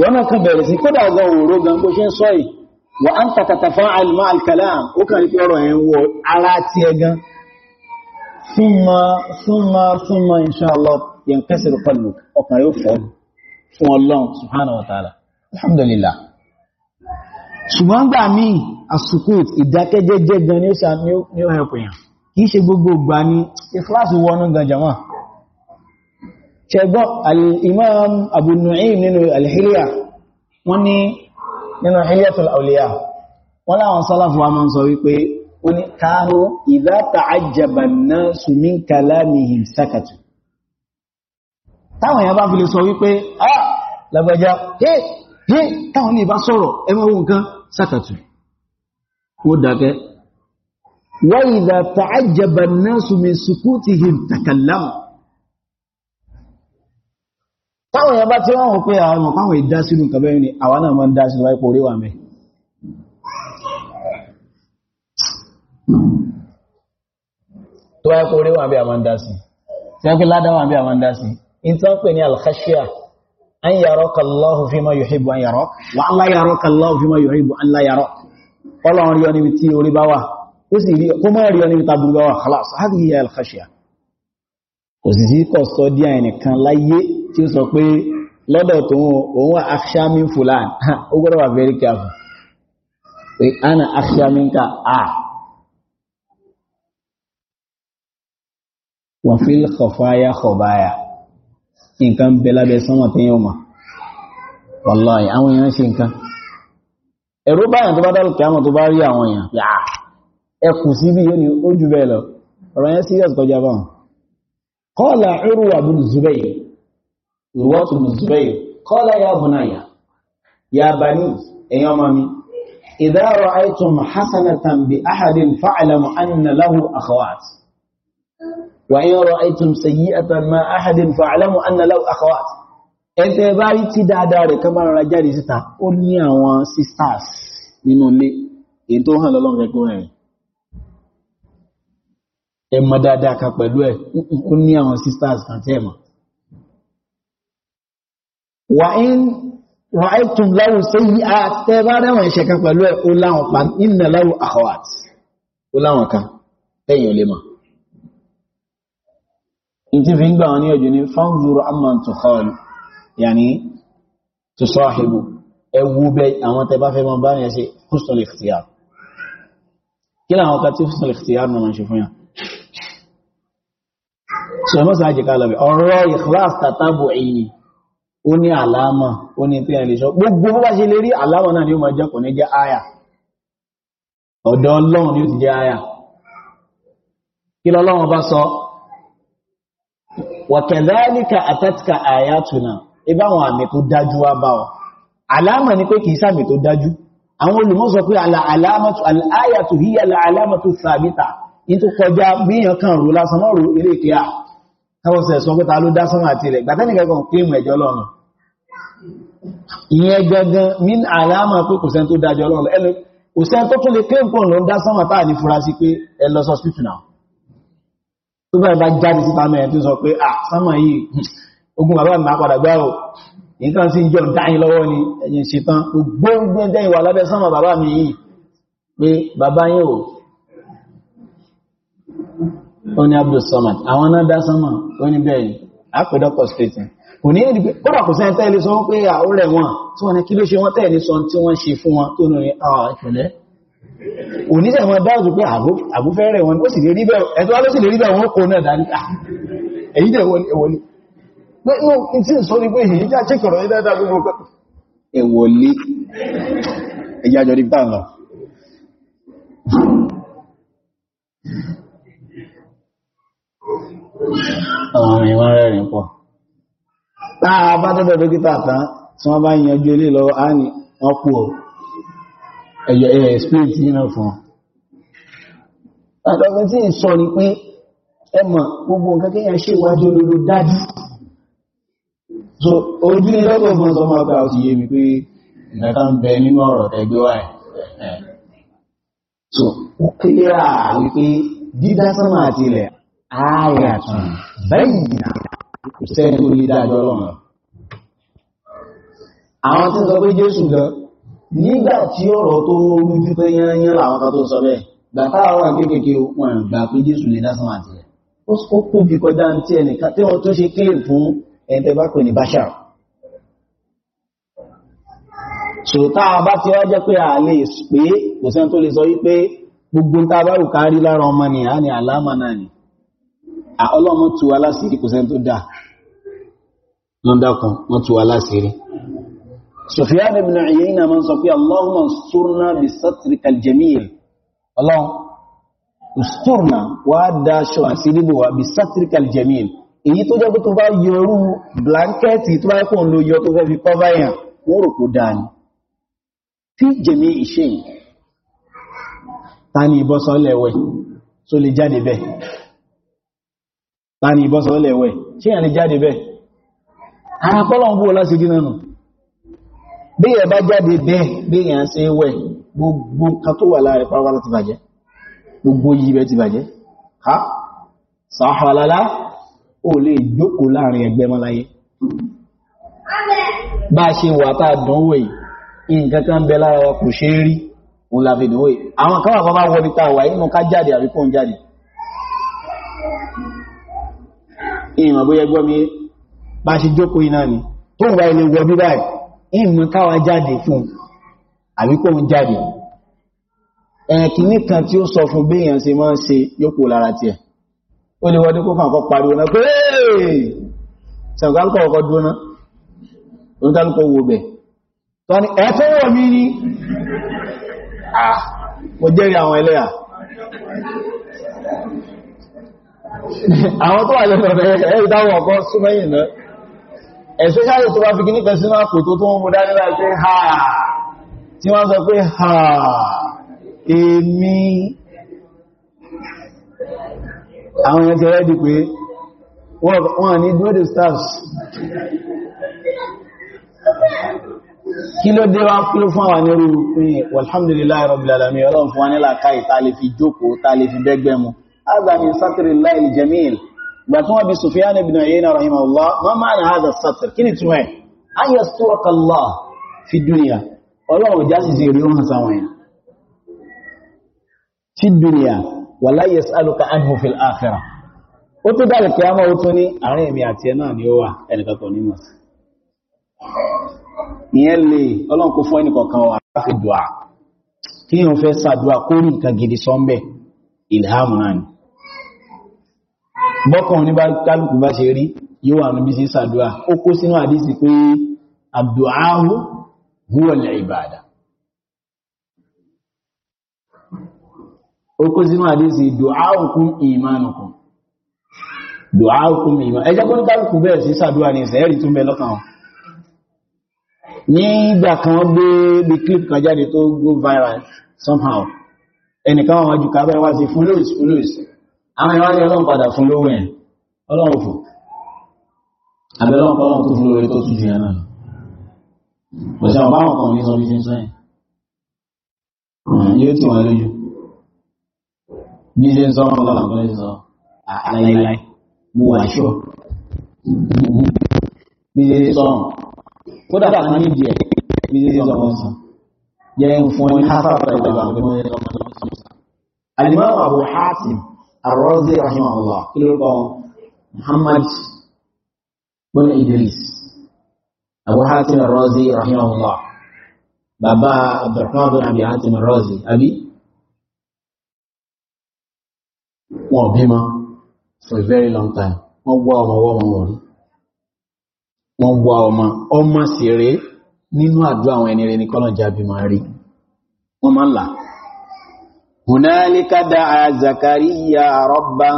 wọ́n náà kan bẹ̀rẹ̀ sí kódà gan òòró gan bó ṣe ń sọ yìí wà á ń tàkàtà fún àlùmọ́ àlùkàlà ó kàn rí pé ọ̀rọ̀ ẹ̀ ara ti ẹ gan súnmọ́ súnmọ́ súnmọ́ inshallah yẹn kẹsìrì pẹ̀lú ọkàn yóò fọ́ fún ọlọ́run subhanahu wa ta'ala alhamdulillah ṣùgbọ́n gbà mí àsìkò ìdákẹ́jẹ́jẹ́ gan ní ọ̀sà ní ọ̀hẹ̀pẹ̀yàn kìí ṣe gbogbo gbà ní ìfláàsì wọnú gan jama ṣẹgbọ́ al-imam Abu Nu'aym nínú al-Hilya wọ́n ní nínú Hilyatul Awliya wọ́n láwọn ní bá fi ẹmọ́ ohun kan sakatu wọ́n dákẹ́ wa idha ta'ajjaba an-nasu min sukutihim takallamu táwọn èèyàn bá tí wọ́n wọ́n pé àwọn ọmọ káwọn ìdá sínú kàbẹ́rin ni àwọn náà máa ń dá sínú wáyé pò mẹ́ tó wáyé pò ríwà mẹ́ àwọn àwọn dá an yaraka Allahu fima yuhibbu an yarak wa an la yaraka Allahu fima yuhibbu an la yarak ọlọ́run rí ọ níbi tí orí bá wà ó sì rí kó mọ́ rí ọ níbi tàbí bá wà khalas hadhi hiya al-khashya kò sì sí kọ̀ sọ díà ẹnìkan láyé tí ó sọ pé lọ́dọ̀ tó òun wà akhsha min fulan ó gbọ́dọ̀ wà very careful pé ana akhsha minka a wa fil khafaya khabaya nǹkan bẹ lábẹ́ sánmà tí yóò ma wàláhì àwọn èèyàn ṣe nǹkan ẹ̀rọ báyàn tó bá dárò kí àwọn tó bá rí àwọn èèyàn pé àà ẹkù sí bí yóò ní ó jù bẹ́ẹ̀ lọ ọ̀rọ̀ yẹn serious kọjá bá qala Urwa bin Zubayr وإن رأيتم سيئة ما أحد فاعلموا أن له أخوات ẹ̀tẹ̀ bá rí tí dáadáa rẹ̀ kan bára jáde síta ó ní àwọn sisters nínú ilé èyí tó hàn lọ́lọ́run rẹ̀ gbọ́rẹ̀ rẹ̀ ẹ mọ̀ dáadáa kan pẹ̀lú ẹ̀ ó ní àwọn sisters kan tẹ́ mọ̀ wà ń wà láwù sí àtẹ́ bá rẹ̀wọ̀n tí fi ń gbà wọn ní ọjọ́ ní fanzuru amman tó kọlu yàní tó sọ́ọ̀hìbù ẹwú bẹ àwọn tẹbá fẹ́ mọ́ bá ní ẹsẹ husnul ikhtiyar kí láwọn ká tí husnul ikhtiyar náà ṣe fún yà ṣe mọ́ sáájì kálọ̀bẹ̀ ọ̀rọ̀ ikhlas tàtàbù ẹ̀yìn ó ní àlámà ó ní tí ẹ̀lẹ́ sọ gbogbo ọ̀dọ̀ ọlọ́run ni ó ti jẹ́ áyà kí lọ́lọ́run bá sọ wàkẹ̀dálíkà àtàtìkà àyàtùnà ibáwọn àmì tó dájú wá bá ọ aláàmà ní pé kìí sàmì tó dájú àwọn olùmọ́sọ pé aláàyàtù híyà aláàmàtù sàbítà in tó kọjá bíyàn kan rú lásán mọ́rú ilé kíá káwọ́sẹ̀ sọ pé ta ló dá sánmà àti min aláàmà pé kò sẹ́n tó dájọ́ lọ́nà ẹlò kò sẹ́n tó tún lè kíìmù pọ̀ lọ dá tó bẹ́ẹ̀ bá jáde síta mẹ́rin tó sọ pé à ah, sánmà yìí ogun bàbá mi àpàdà gbá ò yìí tán sí jọ dáyìn lọ́wọ́ ni ẹ̀yìn ṣetán gbogbo dẹ́yìn wà lábẹ́ sánmà bàbá mi yìí pé bàbá yìí ò ó ní Abdul Samad àwọn náà dá sánmà ó ní bẹ́ẹ̀ àpẹ̀dọ́kọ̀ stéètì kò ní ìdí pé ó rà kò sẹ́yìn tẹ́lẹ̀ sọ pé à ah, ó rẹ̀ wọn tí oníṣẹ́ àwọn dáàzù pé àbúfẹ́rẹ̀ wọn ó sì lè rí bẹ̀ ẹ̀tọ́ wá sì lè rí bẹ̀ wọn kò náà dáni ah, èyí dẹ̀ ẹ̀wọ̀lé pẹ̀lú tí ń sọ ní pé èyí já chíkọ̀rọ̀ ní gbogbo ẹ̀wọ̀lé ẹjájọ́ rí ẹ̀yẹ ẹ̀yẹ explain ti náà fún ọ̀dọ́gbẹ́ tí ń sọ ni pé ẹmọ̀ gbogbo nǹkan kí yẹn ṣe ìwájú olóró dájú so ojú ni lọ́gbọ̀n fún ọmọ ọgbà ọ̀tí yé mi pé nǹkan bẹ nínú ọ̀rọ̀ tẹgbẹ́ wà so ó kílíà wípé dídá sánmà àti ilẹ̀ ayàtùn bẹ́yìn kò sẹ́ni tó lè dájọ́ lọ́nà àwọn tí ń sọ pé Jésù gan nígbà tí ọ̀rọ̀ tó rújú tó yányán làwọn kan tó sọ bẹ́ẹ̀ gbàtà àwọn kéékèèké wọn gbà pé jésù lè lásán àti rẹ̀ ó tóbi kọjá tí ẹnìkan tí wọ́n tó ṣe kílè fún ẹ̀ntẹ́bákò ní báṣà so táa bá ti wá pé a lè pé kò sẹ́n tó lè sọ wípé gbogbo ta bá rù kárí lára ọmọ ni a àlámà náà ni ọlọ́mọ tu aláṣìírí kò sẹ́n tó dáa lọ́ndà wọ́n tu aláṣìírí Sufyan ibn Uyayna máa ń sọ pé Allahumma sturna bi satrika al-jamil Allahumma sturna wà dáṣọ àti ríbò wà bi satrika al-jamil èyí tó jẹ́ tó bá yọrú blanketi tó bá kò ló yọ tó fẹ́ fi kọ́bá yàn wọ́n rò kó dáni fi jẹ̀mí ìṣe ta ni ìbọ́sọ́lẹ̀wẹ̀ tó lè jáde bẹ́ ta ni ìbọ́sọ́lẹ̀wẹ̀ tí yàn lè jáde bẹ́ ara kọ́lọ̀ ń bú ọlá sí dínà bí ẹ bá jáde bẹ́ẹ̀ bí ẹ̀ ṣe wẹ̀ gbogbo kan tó wà láàrin pàápàá ti bàjẹ́ gbogbo yìí bẹ́ ti bàjẹ́ ha sàhàlálá ò lè jókòó láàrin ẹgbẹ́ mọ́láyé bá ṣe wà tá dánwò yìí nǹkan kan bẹ lára wa kò ṣe rí òun la fi dánwò yìí àwọn kan wà ni tó wà ìmọ̀ káwà jáde fún àbíkò ń jáde ẹ̀kìní kan tí ó sọ fún béèyàn ṣe máa ń ṣe yóò lára tí ẹ̀ ó lè wọ́dé kókàn kọ́ pariwo náà pé ṣàǹkálùkọ̀ ọkọ̀ dúnná oníkálùkọ̀ wo bẹ̀ tọ́
ni ẹ̀tọ́ wọ̀ mí ní
mo jẹ́rìí àwọn ẹlẹ́yà àwọn tó wà lẹ́fẹ̀ẹ́ ẹ̀ẹ́dáwọ̀ ọkọ̀ súnmẹ́yìn náà especially tó bá fi kíní pẹ̀sí náà kò tó tó mú dání láì pé ha tí wọ́n sọ pé ha èmi àwọn èèyàn ti rẹ́dì pé wọ́n ní dúró stars
kí ló dé wá kí ló fún àwọn
onírú pín walhamdulillahi rabbil alamin ọlọ́run fún wa nílà káì tàà fi jókòó tàà fi bẹ́gbẹ́ mu gbàtún àbí Sufyan ibn Uyayna rahimahullah ma ma'ana hadha as-satr kí ni túnmẹ̀ an yasturaka Allah fi duniya ọlọ́run já sí sí rí ohun sáwọn yẹn fi duniya wala yas'aluka anhu fil akhirah ó tó dá lẹ́kẹ́ àmọ́ ó tún ní àárín èmi àti ẹ náà ni ó wà ẹnìkọ̀kọ̀ ní mọ̀sí ìyẹn lè ọlọ́run kò fún ẹnìkọ̀kan wà láti dùà kí yẹn fẹ́ sàdùà kórì gidi sọ́mbẹ̀ ilhamu náà ni bọ́kàn ní bá kálùkù bá ṣe rí yóò wà níbi sí sàdúwà ó kó sínú àdísì pé àdúwáhù húwọ̀lẹ̀ ìbàdà ó kó sínú àdísì dùáhùkún ìmánukún dùáhùkún ìmán ẹjẹ́ kó ní kálùkù bẹ̀rẹ̀ sí sàdúwà ní ìsẹ̀ẹ́rì tún bẹ lọ́kàn wọn ní go viral somehow ẹnìkan wọn jù kábẹ́ wá àwọn ìwádìí ọlọ́run padà fún lówó ẹ̀ ọlọ́run fò abẹ́lọ́pọ̀ ọlọ́run tó fún lórí tó tún jù ẹ̀ náà kò sí ọ̀bá ọ̀kan ní sọ́bí ṣe ń sọ́yìn yóò tí wọ́n lójú bí ṣe ń sọ ọmọ ọlọ́run tó ń sọ àlàyé mo wà ṣọ́ bí ní sọ ọmọ Ar-Razi rahimahullah kí ló kọ́ Muhammad bin Idris Abu Hatim Ar-Razi rahimahullah bàbá Abdurrahman bin Abi Hatim ar for a very long time wọ́n ọmọ wọ́n ọmọ ọmọ sí rẹ̀ nínú àwọn ẹni rẹ̀ ní jábí máa rí wọ́n máa ń هنالك دعا زكريا ربه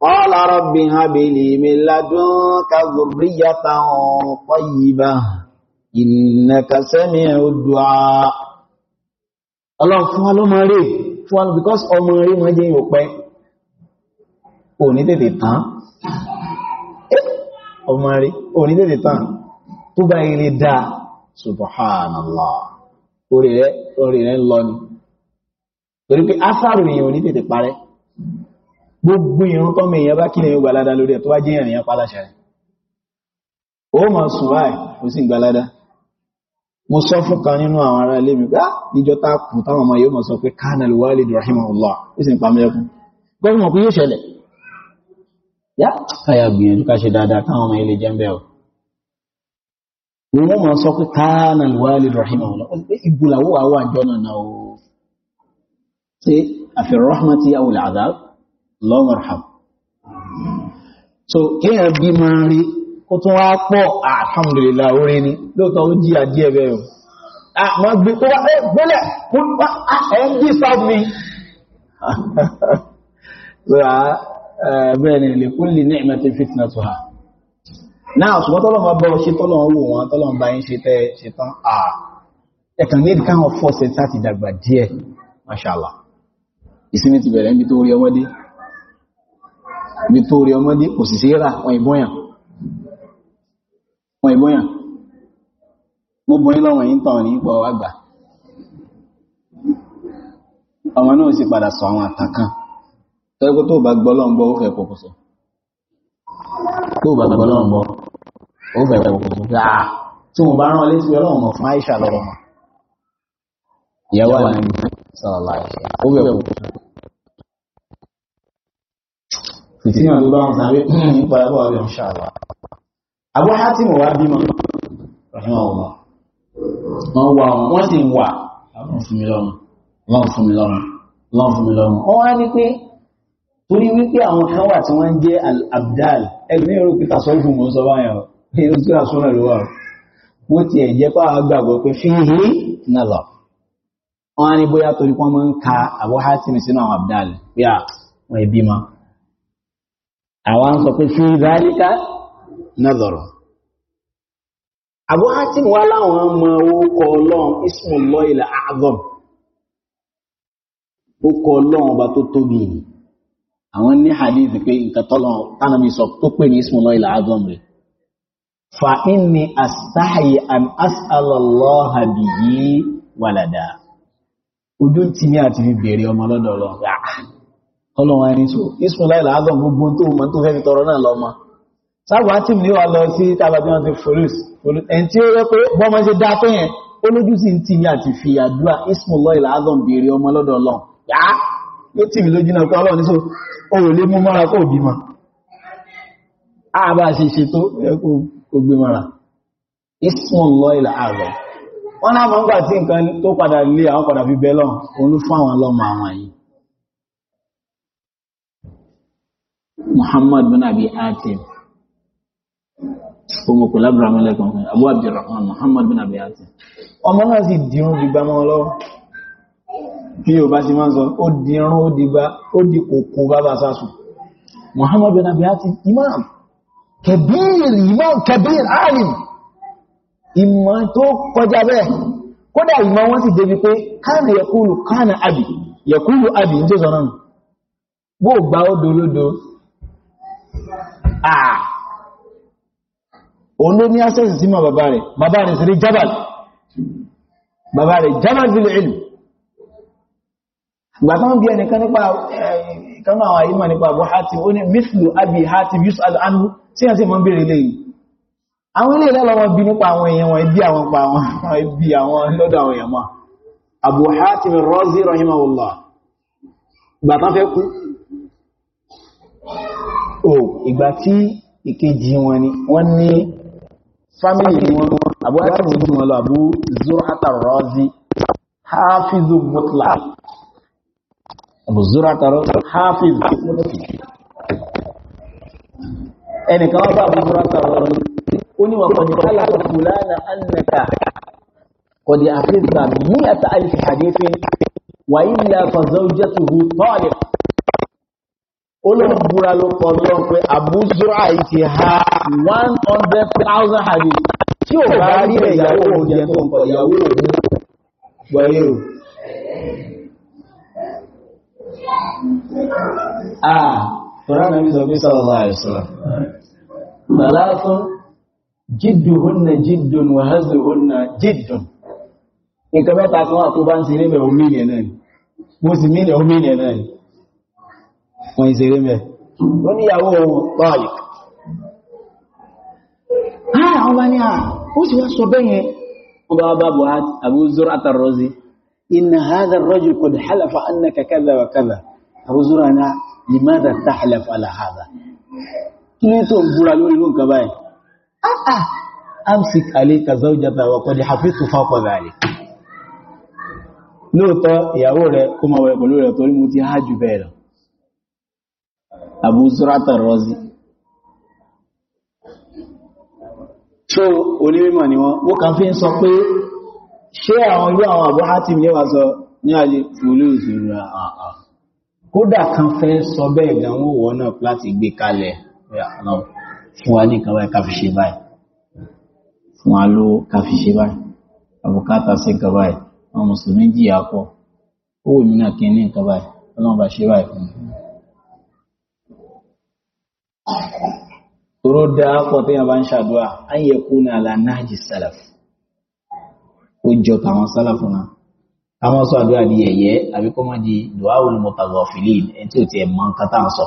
قال رب هب لي من لدنك ذرية طيبة إنك سميع الدعاء Allah fún wa ló máa because ọmọ rí máa jẹ́ yóò pẹ́ ò ní tètè tán eh, ọmọ rí ò ní tètè tán tó bá subhanallah orí rẹ̀ ń ni torí pé ásáàrù èèyàn ní tètè parẹ́ gbogbo ìrún tọ́mọ èèyàn bá kí lèyàn gbalada lórí ẹ̀ tó wá jẹ́yàn èèyàn paláṣà rẹ̀ ó mọ̀ sùwá ẹ̀ ó sì gbalada mo sọ fún kan nínú àwọn ará ilé mi bá ah, níjọ tá kù táwọn ọmọ yóò mọ̀ sọ pé kánàl wálid rahimahullah ó sì ń pa mẹ́kún gbọ́dọ̀ mọ̀ pé yóò ṣẹlẹ̀ yá káyà gbìyànjú ká ṣe ṣe àfẹ̀rọ̀hàmàtí àwòlẹ̀ àdá lọ́wọ́rhàm so kéèyàn bí máa rí kó tún wá pọ̀ alhamdulillah orin ni lóòtọ́ ó jí àdíẹ̀ bẹ́ẹ̀ àmọ́ gbé tó wá gbélẹ̀
ẹ̀ ń dí sáà mi
bẹ́ẹ̀ni lè kún lè ní ìmẹ́tí fitna tó ha náà ṣùgbọ́n tọ́lọ́mọ bọ́ ṣe tọ́lọ́mọ wò wọn tọ́lọ́mọ bá ṣe tẹ́ ṣe tán àà ẹ̀kàn ní ìdíkà wọn fọ́sẹ̀ dàgbà díẹ̀ mashallah ìsinmi ti bẹ̀rẹ̀ níbi tó rí ọmọdé níbi tó rí ọmọdé kò sì sí rà wọn ìbọ́yàn wọn ìbọ́yàn mo bọ́yìn lọ́wọ́ yìí ń tàn ní ipò àgbà ọmọ náà sì padà sọ àwọn àtàkàn tẹ́gbẹ́ tó bá gbọ́ lọ́ngbọ́ ó fẹ́ pọ̀pọ̀sọ̀ tó bá sallallahu alaihi wasallam ó bẹ̀rù fìtínà ló bá wọn sáré nípadà hmm, bọ́ ọ̀rẹ́ insha Allah Abu Hatim wá bímọ rahimahullah wọ́n wà wọ́n sì ń wà lọ́n fún mi lọ́mọ lọ́n fún mi lọ́mọ lọ́n fún mi lọ́mọ wọ́n wá ní pé torí wípé àwọn kan wà tí wọ́n jẹ́ al-abdal ẹgbẹ́ ní orúkú tàṣọ́fù mọ́ sọ báyọ̀ èyí tó tún àṣọ́nà ló wà wọ́n ti ẹ̀ jẹ́ pàwọn gbàgbọ́ pé fíhí nàlọ́ wọ́n ní bóyá torí wọ́n máa ń ka Abu Hatim sínú àwọn abdal pé à wọ́n ẹbí ma àwọn ń sọ pé fi dhalika nadhar Abu Hatim wá láwọn ọmọ orúkọ ọlọ́run ismullahi al-a'zam ó kọ ọlọ́run ọba tó tóbi yìí àwọn ní hadith pé nǹkan tọ́lọ́ tánàbí sọ tó pè ní ismullahi ojú ti ní àti fi bèèrè ọmọ lọ́dọ̀ lọ ọlọ́wọ́n ẹni tó ìsúnláì láàzọ̀ gbogbo tó mọ́ tó fẹ́ fi tọrọ náà lọ́mọ sáàbù átìm ní wà lọ sí tàbí wọn ti folis ẹn tí ó rẹ́ pé bọ́mọ ṣe dá tó yẹn olójú sì ń tì ní àti fi àdúrà ìsúnláì láàzọ̀ bèèrè ọmọ lọ́dọ̀ lọ yá yóò tì mí lójú náà pé ọlọ́run níṣó o ò lè mú mọ́ra kó bímọ àbá ṣe ṣètò ẹ̀kọ́ gbé mọ́ra ìsúnláì láàzọ̀ wọ́n náà mọ́ ń gbà tí nǹkan tó padà lé àwọn padà fi bẹ́ lọ́n òun lọ́mọ àwọn yìí Muhammad bin Abi Atim ọmọ kò lábúrà mọ́ lẹ́kọ̀ọ́ fún Abu Abdurrahman Muhammad bin Abi Atim ọmọ náà sì dìrún dìgbà mọ́ lọ́wọ́ bí o bá ti máa sọ ó dìrún ó dìgbà ó di kòkó bàbá sásùn Muhammad bin Abi Atim imam kẹbíìrì imam kẹbíìrì alim ìmọ̀ tó kọjá bẹ́ẹ̀ kódà ìmọ̀ wọ́n sì débi pé káàna yẹkúlù káàna àbì yẹkúlù àbì tó sọ náà bó gbá ó dolódo àà òun ló ní access sí ma bàbá rẹ̀ bàbá rẹ̀ sí jabal bàbá rẹ̀ jabal bí lẹ́nu gbàtán bí ẹnìkan nípa ìkanáwà ìmọ̀ nípa bọ́ ó ní mithlu abi hati yusuf al'anu sí àti mọ́ bèèrè
àwọn ilé ìlẹ́lọ́wọ́ bí nípa àwọn
èèyàn wọn ibi àwọn pa àwọn ibi àwọn lọ́dọ̀ àwọn èèyàn mọ́ Abu Hatim Razi rahimahullah ìgbàtán fẹ́ kú o ìgbà tí ìkejì wọn ni wọ́n ní fámílì wọn Abu Hatim Razi wọn lọ Abu Zur'ata Razi hafizu mutlaq Abu Zur'ata Razi hafizu mutlaq ẹnìkan wọ́n bá Abu Zur'ata Razi oni wa qad qala fulana annaka qad afidta mi'ata alf hadithin wa illa fa zawjatuhu talib olóhùn búra ló pọ̀ pé àbúzúrà ìtì ha 100,000 hadith tí ò bá rí rẹ̀ ìyàwó òjẹ́ tó ń pọ̀ ìyàwó òjẹ́ gbọ́yẹ̀rò ah tọ́rọ náà bí sọ bí sọ́lọ́lá àìsàn bàlá جدهن جد وهزهن جد ان كما تاسوا اكو بان سيري مي اومي ني ناي مو سيمي ني اومي ني ناي وين سيري مي وني ياو طيب
ها هو ني ها وش واسو بين
بابا بوات ابو زرعه الرزي ان هذا الرجل قد حلف انك كذا وكذا ابو زرعه لماذا تحلف على هذا كنتو بولا لو لو كباي Ah, ah. amsik alayka zawjata wa qad hafiztu fawqa dhalik lóòtọ́ ìyàwó rẹ̀ kó ma wẹ̀ pẹ̀lú rẹ̀ torí mú ti há jù bẹ́ẹ̀ lọ Abu Zurata Razi tó onímọ̀ ni wọ́n wó kàn fi ń sọ pé ṣé àwọn ilé àwọn Abu Hatim ní wà sọ ní àlè fòlú ìṣòro àà kódà kan fẹ́ sọ bẹ́ẹ̀ gan wọ́n náà láti gbé kalẹ̀ fún wa ní nǹkan báyìí ká fi ṣe báyìí fún wa ló ká fi ṣe báyìí àbùkátà sí nǹkan báyìí àwọn mùsùlùmí jìyà pọ̀ ó wù mí náà kí n ní nǹkan báyìí ọlọ́run bá ṣe báyìí fún mi. Tòró dáa pọ̀ tí wọ́n bá ń ṣàdúrà, á kú ní àlànáàjì sálàfù. Ó jọ tàwọn sálàfù náà. Káwọn sọ àdúrà di ẹ̀yẹ́ àbíkọ́ mọ́ di dùáwùl mutaghafilin ẹni tí ò tiẹ̀ mọ nǹkan tá ń sọ.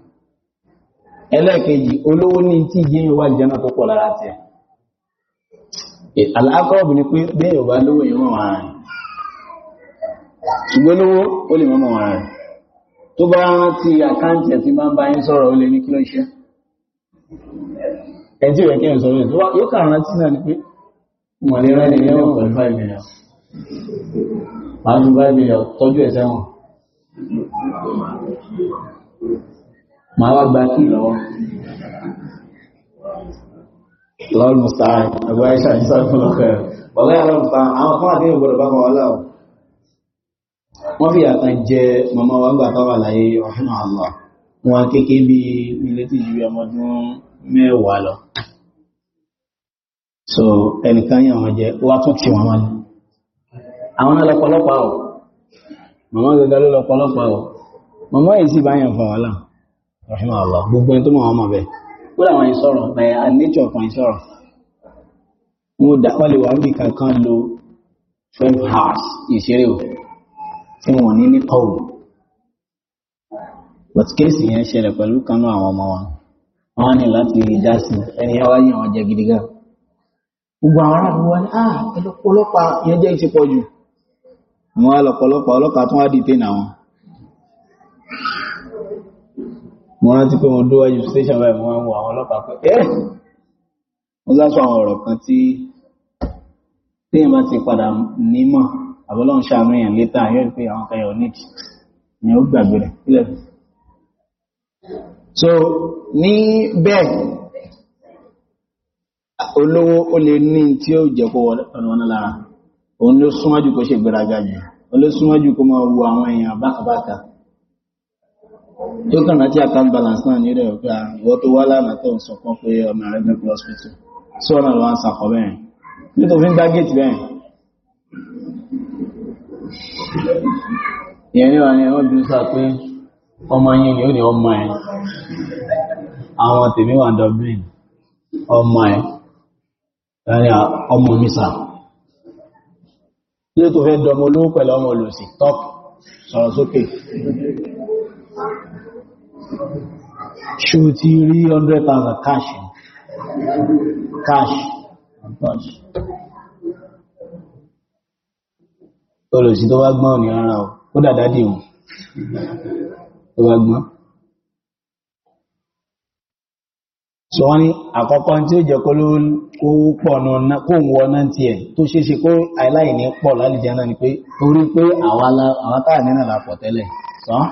ẹlẹ́ẹ̀kejì olówó ní tí ìyẹn wà jẹ́nà tó pọ̀ lára tí ẹ̀ alákọ̀ọ́bù ni pé bẹ́ẹ̀ bá lówó yẹn wọ́n àárín ṣùgbọ́n lówó ó lè mọ́mọ̀ àárín tó bá rán ti àkáǹtì ẹ̀ tí máa ń bá yín sọ̀rọ̀ ó lè ní kí ló máa wá gba kí lọ́wọ́ lọ́rùn sáà ẹgbẹ́ àìṣà ní sọ́rọ̀ lọ́kẹ̀ ọ̀lá ìrọ̀rùn sáà àwọn kan àti ìgbọ̀dọ̀ bá wọn wọ́lá wọ́n fi àtàn jẹ mọ́mọ́ wọn gbà tọ́wà láyé ọ̀hánà àlọ́ wọn kéèké bí ilé tí ju ọmọdún mẹ́wàá lọ so ẹnìkan yà wọn jẹ wá tún kí wọn wọn àwọn ọlọpọlọpọ ọ mọ̀mọ́ gẹ́gẹ́ ló lọpọlọpọ ọ mọ̀mọ́ rahimahullah gbogbo ẹni tó mọ̀ ọmọ bẹ̀
kó làwọn yìí sọ̀rọ̀
ẹ̀ nature kan yìí sọ̀rọ̀ mo dà wọ́n wà níbi kankan lo twelve hours ìṣeré o tí wọ́n ní ní kọ́wù but kéèsì yẹn ṣẹlẹ̀ pẹ̀lú kanú àwọn ọmọ wa wọ́n ní láti lè já sí ẹni yẹn wáyé àwọn jẹ gidi gan gbogbo àwọn aráàlú wa ní ah ọlọ́pàá yẹn jẹ́ ìtìpọ̀ jù àwọn ọlọ́pàá ọlọ́pàá tó wá dìtẹ́ náà mo rántí pé mo dówájú station báyìí mo wọ́n wo àwọn ọlọ́pàá pé ẹ́ mo sá sọ àwọn ọ̀rọ̀ kan tí téèyàn bá ti padà nímọ̀ àbọ́lọ́run ṣàánú èèyàn létà yóò pé àwọn kan yóò nídìí ni ó gbàgbé rẹ̀ sílẹ̀ so ní bẹ́ẹ̀ olówó ó lè ní tí ó jẹ́ kó ọ̀nà wọn lára òun ló súnmọ́jú kó ṣe gbéraga jù òun ló súnmọ́jú kó máa wo àwọn èèyàn bákàbákà
yóò kàn láti account
balance náà nílẹ̀ ọ̀gá ah, ìwọ́ tó wá lánàá tó ń sọ kan pé ọmọ rẹ̀ ní hospital sí ọ̀nà lọ́wọ́ ń sàkọ́ bẹ́ẹ̀ nítorí ń dá gate bẹ́ẹ̀ ìyẹn ní wà ní wọ́n bí sá pé ọmọ yín ni ó ní ọmọ ẹ̀ àwọn tèmi wà Dublin ọmọ ẹ̀ láàrin ah, ọmọ mi sá tí ó tó fẹ́ dọmọ olówó pẹ̀lú ọmọ olùsìn tọ́pù sọ̀rọ̀ sókè ṣò ti rí 100,000 cash cash cash olùsí tó bá gbọ́n ní ara ọ̀ ó dàdá dì wọn tó bá gbọ́n so wọ́n ní àkọ́kọ́ tí ó jẹ́ kó ló kó pọ̀ náà kó ń wọ náà tí ẹ̀ tó ṣe ṣe kó aláìní pọ̀ lálìjẹ́ náà ni pé torí pé àwọn táà nínà lápọ̀ tẹ́lẹ̀ sán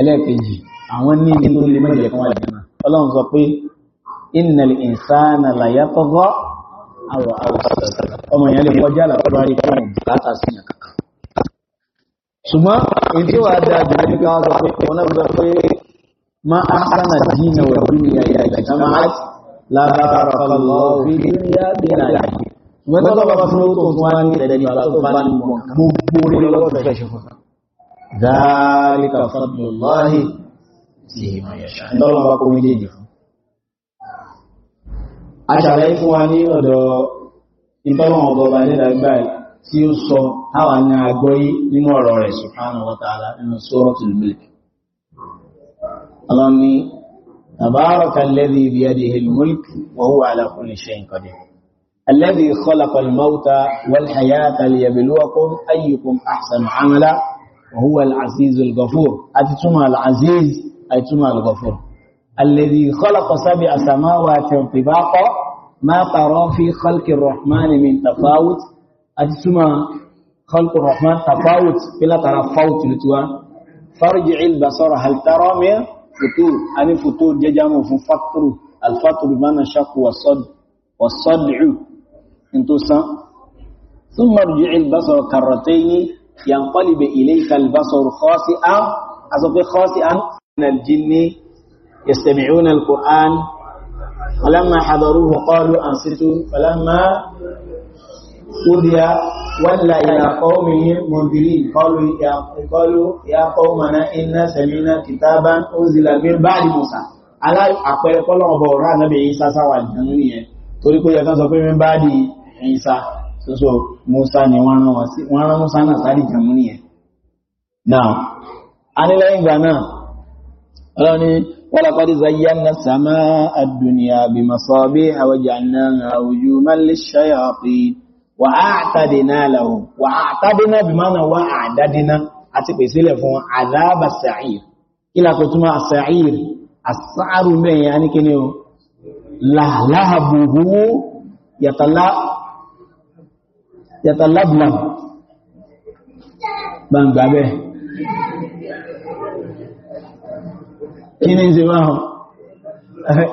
ẹlẹ́ẹ̀kejì àwọn ní ibi tó lè mẹ́jẹ̀ kan wà jẹ́nà ọlọ́run sọ pé innal insana la yatgha àwọ̀ ọmọ èèyàn lè kọjá àlàkọ́bá rí fún bùkátà sí ìyàn kankan ṣùgbọ́n èyí tí wàá da jùlọ ní
sí ìmọ̀ yẹ̀ṣà
ìtọ́lọ́wọ́ bá kó méjèèjì fún a ṣàlàyé fún wa ní ọ̀dọ̀ ìtọ́lọ́wọ́ bọba nílàgbà tí ó sọ táwà ní agbóyí nínú ọ̀rọ̀ rẹ̀ subhanahu wa ta'ala nínú suratul mulk alọ́ni tabaraka alladhi biyadihi al-mulk wa huwa ala kulli shay'in qadir alladhi khalaqa al-mawta wal hayata liyabluwakum ayyukum ahsanu amala wa huwa al-azizul ghafur àti túnmọ̀ al-aziz àìtúmọ̀ al-Ghafur alladhi khalaqa sab'a samawaatin tibaqa ma tara fi khalqi rahmani min tafawut àti túmọ̀ khalqi rahman tafawut pílátara fawut lùtùwá farji'il basara hal tara min futur ani futur jẹjámù fún fatru alfatru mana shaqqu was-sad'u intusan ثم ارجع البصر كرتين ينقلب إليك البصر خاسئا أصبح خاسئا من الجن يستمعون القرآن فلما حضروه قالوا أنصتوا فلما قضي ولى إلى قومهم منذرين قالوا يا قالوا يا قومنا إنا سمعنا كتابا أنزل من بعد موسى على àpẹẹrẹ kọ́lọ̀ ọba ọ̀rọ̀ ànábì Ìsá sáwà ìdánú nìyẹn torí kó yẹ kán sọ pé mẹ́ bá di Ìsá sọ́sọ́ Musa ni wọ́n rán Musa náà sáàdì ìjàmú nìyẹn. now anílẹ́yìn ìgbà náà ọlọ́ni wọ́lọ́kọ́dí zayyana sàmà àdúnìyà bí masọ́bí àwọjànà àwùjú mẹ́lẹ́ṣẹ́yàpí wà áàtàdínà lẹ́wọ̀ wà áàtàdínà bí mọ́nà wà àdádínà àti pèsílẹ̀ fún àdába sa'ir kílá tó túnmọ́ sa'ir àsáàrù mẹ́yà ní kí kí ní ṣe máa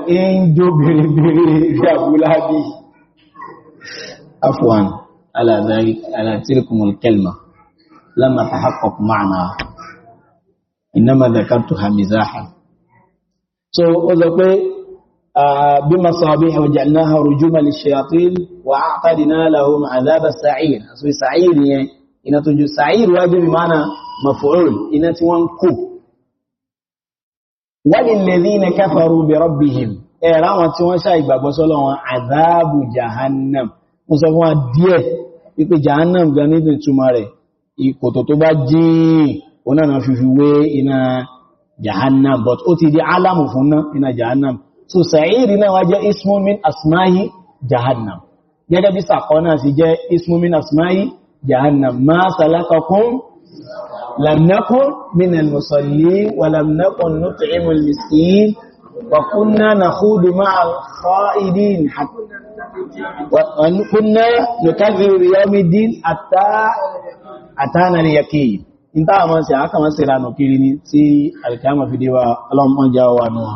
ń jó
bèrèbèrè ìgbàgbóláàbí
afwan ala tilkumul kalma lamma tahaqqaq ma'na innama dhakartuha mizahan so ó sọ pé بمصابيح وجعلناها رجوما للشياطين وأعطدنا لهم عذاب السعير أصبح سعير يعني إن تنجو سعير واجب بمعنى مفعول إن تنكو walilladhina kafaru bi rabbihim ẹ̀rá wọn tí wọ́n ṣá ìgbàgbọ́ sọ́lọ́ wọn àdáàbù jahannam wọ́n sọ fún wa díẹ̀ wípé jahannam gan nínú ìtumọ̀ rẹ̀ ìkòtò tó bá jíìn onáà náà fífi wé iná jahannam but ó ti di alamu fún لم نكن من المصلين ولم نكن نطعم المسكين وكنا نخوض مع الخائدين حتى وكنا نكذب بيوم الدين حتى أتانا اليقين انت ما سي اكا ما سي لانو كيريني سي الكامه في ديوا اللهم جاوا نوا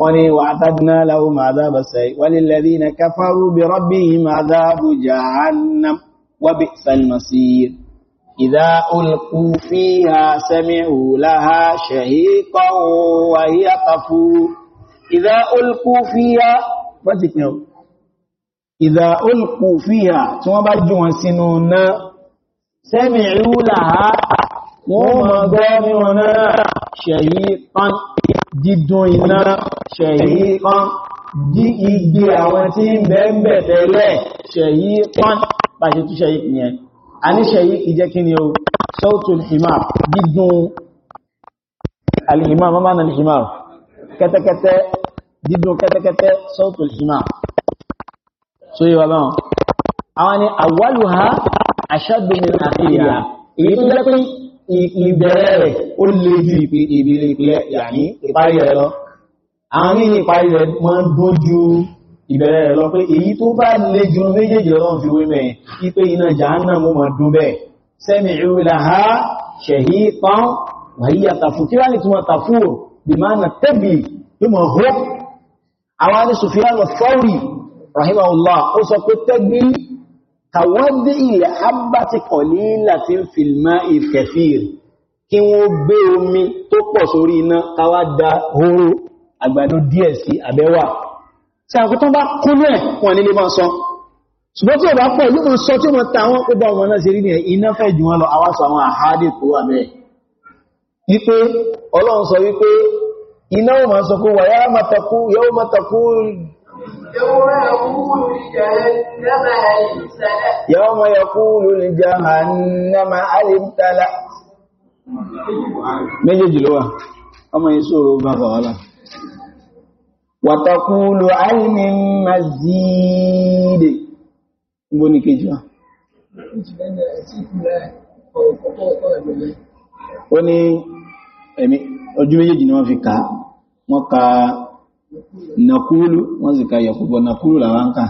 وني واعتدنا لهم عذاب السيء وللذين كفروا بربهم عذاب جهنم وبئس المصير إذا ألقوا فيها سمعوا لها شهيقا وهي تفور إذا ألقوا فيها باتكنو إذا ألقوا فيها ثم بجوا سنونا سمعوا لها
وما ضامنا
شهيقا جدونا شهيقا di igbe àwọn tí ń bẹ̀ẹ̀bẹ̀ tẹ́lẹ̀ ṣẹ̀yí pọ́n bá ṣe tún ṣẹ̀yí ìyẹn a ní ṣe yìí ìjẹ́ kí ni o sautul himar dídún alhimar mọ́mọ́ alhimar kẹ́tẹ́kẹ́tẹ́ dídún kẹ́tẹ́kẹ́tẹ́ sautul himar so yíwa báwọn àwọn ni àwálùhá aṣẹ́gbìnrin àfihà èyí tó jẹ́ pé ìbẹ̀rẹ̀ rẹ̀ ó lè ju ìpìlẹ̀ ìpìlẹ̀ yà ní ìparí rẹ̀ lọ àwọn ní ìparí rẹ̀ mọ́ dójú ìbẹ̀rẹ̀ rẹ̀ lọ pé èyí tó bá lè jù méjèèjì lọ́wọ́n fi wímẹ̀ ipé iná jahannam mọ́ dún bẹ́ẹ̀ sẹ́mì ìrìnláha ṣẹ̀hí pán wàyí àtàfù kí wá ní túnmọ̀ tàfù bí máa na tẹ́bì bí mọ̀ hó àwọn ní Sufyan al rahimahullah ó sọ pé tí àwọn tó bá kúnú ẹ̀ wọn nílé máa sọ ṣùgbọ́n tí ó bá pọ̀ yíò sọ tí ó ta wọn ó bá náà ṣe rí ní iná fẹ́ jù lọ àwásọ àwọn àhádé tó wà wípé ọlọ́run sọ wípé iná máa sọ kó wà yára wà ọmọ yìí bá wàtàkùlù àìní mazíde gbó ní kejì wọn ó ní ẹ̀mí ojú méjèèjì ni wọ́n fi ká wọ́n ka nàkúlù wọ́n sì ka yẹ̀kúbọ̀ nàkúlù làwọn ń kà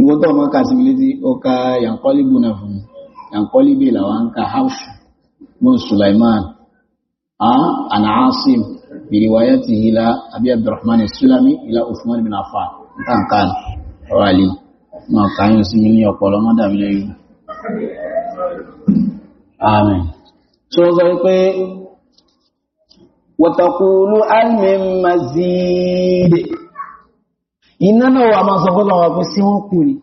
ìwọ́n tó ọmọ ká síbi létí ó ka yankọ́líbù náà fún Sulaiman ah, an Asim بروايته إلى أبي عبد الرحمن السلمي إلى عثمان بن عفان كان كان وعلي ما كان يسميني وقال ما دام لي آمين so wọ́n sọ pé wọ̀tàkùlù alìmẹ̀mẹ̀zìdì iná náà wà máa sọ fọ́lọ̀ wọn pín sí wọ́n kù rí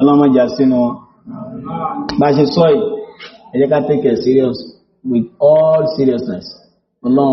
ọlọ́mọjà sínú wọn bá ṣe sọ́yì ẹjẹ́ ká take it serious with all seriousness ọlọ́run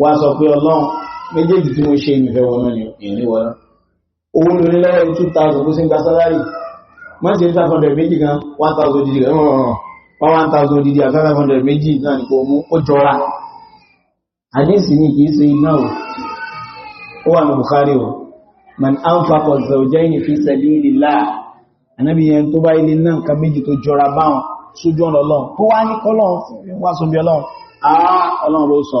wá sọ pé ọlọ́run méjèèjì tí mo ṣe ìfẹ́ wọnú ni ìrìn wọ́n owó lórí lẹ́wọ́ two thousand ló sì ń gba sálárì wọ́n sì ń five méjì gan one thousand dídì rẹ̀ wọ́n one thousand dídì àti five hundred méjì náà ni kò mú ó jọra àdéhùn ni kì í ṣe iná o ó wà ní Bukhari o man anfaqa zawjayni fi sabilillah ànábì yẹn tó bá ilé náà nǹkan méjì tó jọra báwọn sójú ọ̀nà ọlọ́run kó wá ní kọ́lọ́run wá sóbi ọlọ́run àá ọlọ́run ló sọ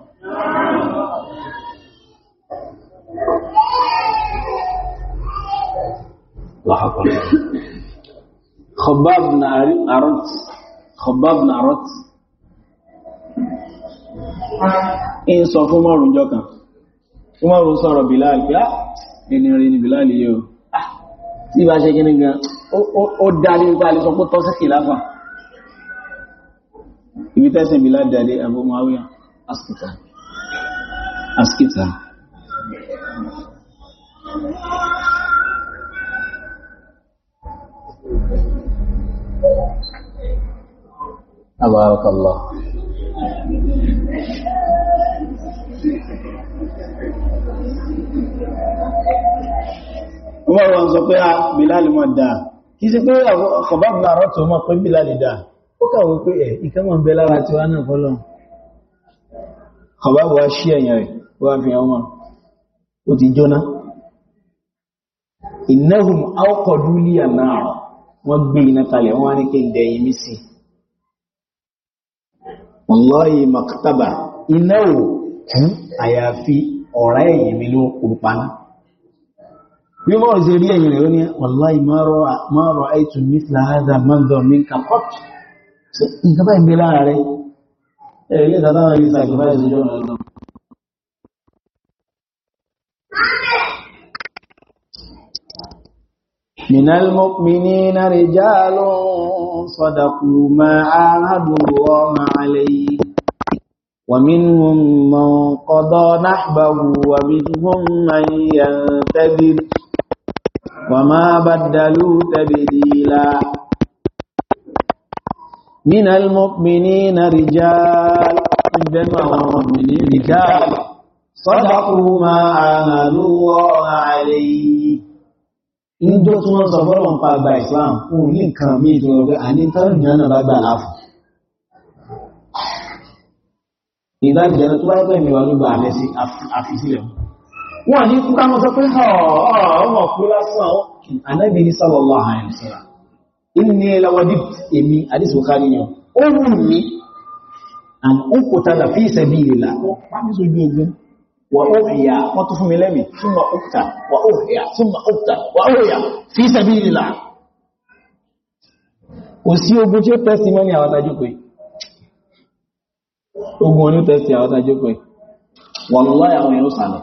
laxaqo khabaabna arad khabaabna arad in sọ fún mọ́rùn jọ kan fún mọ́rùn sọ̀rọ̀ bilal pé á ah, ẹni rí ni bilal yìí o ah, tí bá ṣe kí ní gan ó dá ní wípé alẹ́sọ pé tọ́sí kì láfà ibi tẹ́sìn bilal dàdé Abu Muawiya askita askita أبارك الله wọ́n wọ́n sọ pé a ah, Bilal mọ̀ dáa kí sí pé Khabbab náà rọ́tọ̀ mọ̀ pé Bilal dáa ó kàwọ́ pé ẹ̀ eh, ìkẹ́mọ̀ ń bẹ lára tí wá náà fọ́lọ́n Khabbab wá sí ẹ̀yàn rẹ̀ wá fi ọmọ ó ti jóná innahum awqadu wallahi maktaba iná ò kú àyàfi ọ̀rá ẹ̀yìn mi ló kúrú paná bí wọ́n ṣe rí ẹ̀yìn rẹ̀ ó ní wallahi ma ra'aytu mithla hadha manzor minka qat nǹkan báyìí gbé lára rẹ̀
ẹ̀rí ìsàtàwà yìí sacrifice ìjọ́ ọ̀nà
من المؤمنين رجال صدقوا ما عاهدوا الله عليه ومنهم من قضى نحبه ومنهم من ينتظر وما بدلوا تبديلا من المؤمنين رجال من جمع المؤمنين رجال صدقوا ما عاهدوا الله عليه níjọ́ tí wọ́n sọ fọ́lọ̀ ń pa gba islam fún ní nǹkan mí tó rọ̀gbẹ́ àníntàrìyàn náà bá gbà láàfù ìdájẹ́ tó bá pẹ̀lú ìwà ló gba àmẹ́ sí àfisílẹ̀
wọ́n ní kúkà mọ́ sọ pé ọmọ kú lásán
anábì ní sallallahu alaihi wasallam inni lawadi èmi àdìsí bukari ni ó wù mí an ó kò tàbí fi sabilillah wa uhya wọ́n tún fún mi lẹ́mì thumma ukta wa uhya thumma ukta wa uhya fi sabilillah kò sí ogun tí ó tẹ́sí mọ́ ní àwọ́tajú pé ogun oní tẹ́sí àwọ́tajú pé wallahi àwọn èèyàn sàlọ̀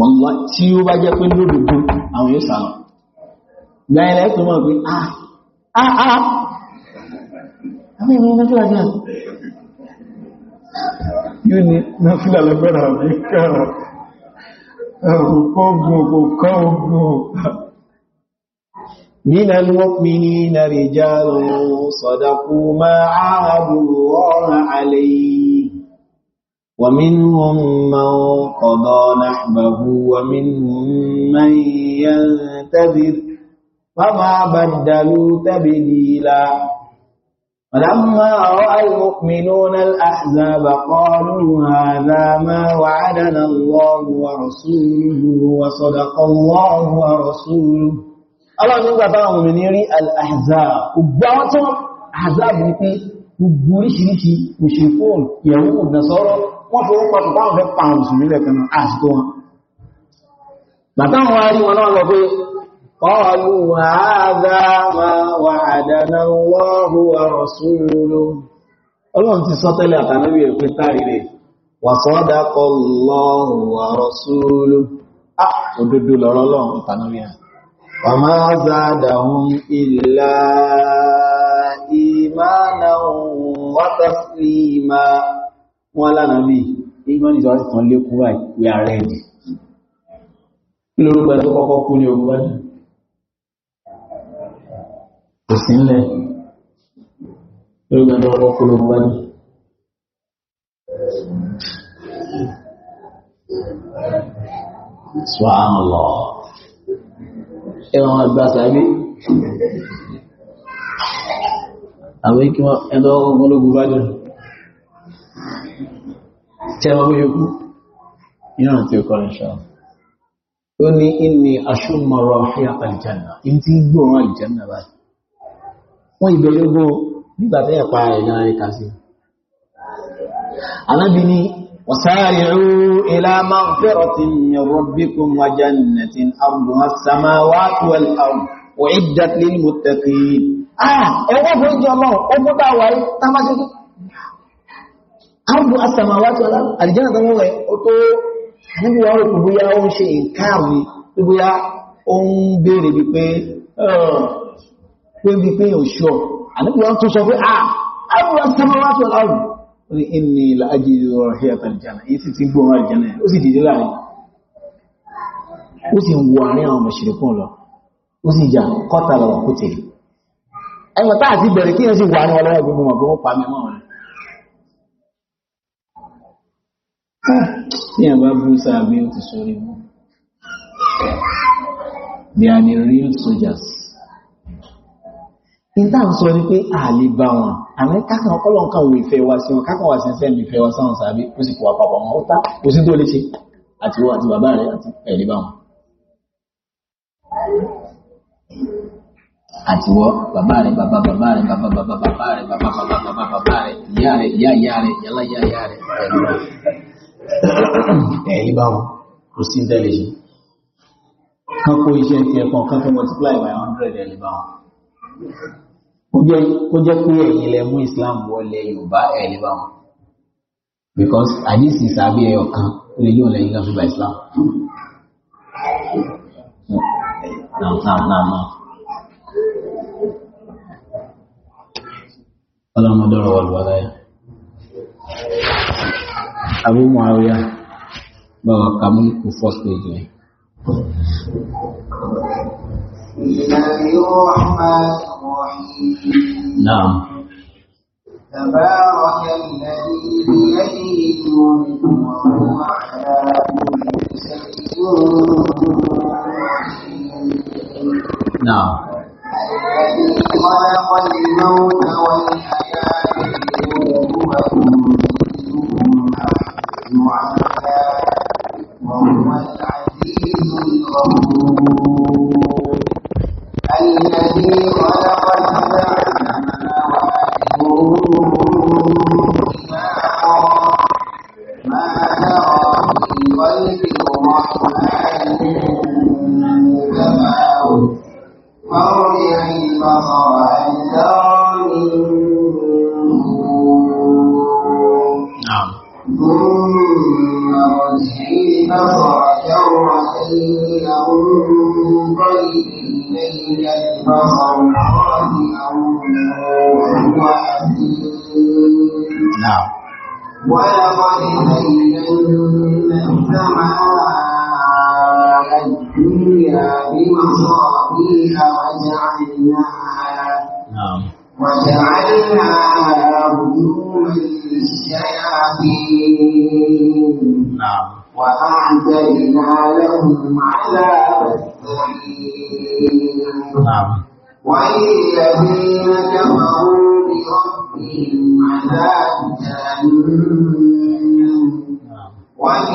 wallahi tí ó bá àwọn èèyàn sàlọ̀ yóò ní náfílà lágbára mi káà ọ̀pọ̀gbọ̀n kò kọ́ ogun من المؤمنين رجال صدقوا ما عاهدوا الله عليه ومنهم من قضى نحبه ومنهم من ينتظر فما بدلوا تبديلاً ولما رأى المؤمنون الأحزاب قالوا هذا ما وعدنا الله ورسوله وصدق الله ورسوله الله nígbà táwọn òmìnir rí al-ahzab gbogbo àwọn tí wọ́n ahzab ní pé gbogbo oríṣiríṣi òṣèfóòn ìyàwó ìdásọ́rọ̀ wọ́n fi wọ́n pàtàkì àwọn fẹ́ pàrùn sí nílẹ̀ kanáà
قالوا هذا ما وعدنا الله ورسوله
ọlọ́run ti sọ tẹ́lẹ̀ àtànábì rẹ̀ pín táàrí rẹ̀ wà sọ́dákọ̀ lọ́rùn wà rọ̀súlù òdòdó lọ́rọ̀ lọ́run àtànábì rẹ̀ wà máa zádàhún ilá ìmánàhún wátàsílìmá
sí ńlẹ̀ lórí gbẹ̀dọ̀ ọkọ̀ polówó wá ní
Subhanallah ẹwọ̀n àgbà sàbí àwọn ikí wọn ẹ̀dọ́ ọkọ̀ polówó wá jẹ́ tẹ́wọ́ bí yóò kú ìran tí ó kọ́ ó ní inni aṣúmọ̀rọ̀ àfíà àlìjánà in ti gbọ́rọ̀ àlìjánà wọ́n ìbẹ̀rẹ̀ ogun nígbà tẹ́ ẹ̀pa ẹ̀nà àríkà sí anábi ni wasari'u ila maghfiratin min rabbikum wa jannatin arduha as-samawati wal ardu u'iddat lil muttaqin
ah ẹwọ́ fún ìjọ náà ó gbọ́dá
pé bí pé yóò ṣọ́ àníkù wọn tún sọ pé à
ábúrò sọmọwá tó láàrù
ó ní ìní ìlàájì ìrọ̀rọ̀ ṣe àtàlìjànà èyí sì ti gbọ́nà àjànà ó sì dìde láàrin ó sì ń wo àárín àwọn mọ̀ṣẹ̀lẹ̀kùn lọ ó sì jà kọ́ta lọ wà kútè ẹgbẹ̀ táà sí bẹ̀rẹ̀ kí ẹ sì wà ní ọlọ́wọ́ gbogbo mọ̀ fún pa mẹ́mọ́ rẹ̀
tí a bá bú sáà
bí ó ti sórí mú they are the real soldiers ìta ń sọ ní pé àlè bá wọn àmì kákan ọkọ́lọ̀ nǹkan òwe ìfẹ́ wa sí wọn kákan wà sí sẹ́ẹ̀lì ìfẹ́ wa sáwọn sàbí ó sì kò wà papọ̀ wọn ó tá kò sí tó lè ṣe àti wọn àti bàbá rẹ àti ẹ̀lẹ́ bá wọn
àti wọ bàbá rẹ bàbá bàbá rẹ bàbá bàbá bàbá rẹ bàbá bàbá bàbá bàbá rẹ ìyá rẹ ìyá ìyá rẹ yálà ìyá ìyá rẹ
ẹ̀yìn bá wọn
kò sí tẹ́lẹ̀ ṣe kan kó iṣẹ́ ti ẹ̀kan kan fẹ́ multiply by 100 ẹ̀lẹ́ bá wọn kó jẹ́ pé ẹ̀yin lẹ mú Islam wọlé Yorùbá ẹ̀ bá wọn because àdìsí sàbí ẹyọ kan ó lè yóò lẹ́yìn lọ́sùn bá Islam.
Nam nam nam
wà lọ́wọ́ láyé. Abu Muawiya báwa ka múlùkù first page rẹ̀.
Ìlànà ìwọ̀n máa نعم تبارك الذي بيده الملك وهو على كل شيء نعم الذي خلق الموت والحياة ليبلوكم أيكم أحسن عملا وهو العزيز الغفور Wow. Wow.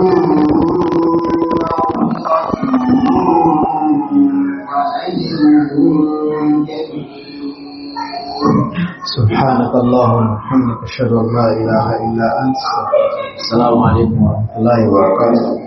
أشهد أن لا إله إلا أنت السلام عليكم ورحمة الله وبركاته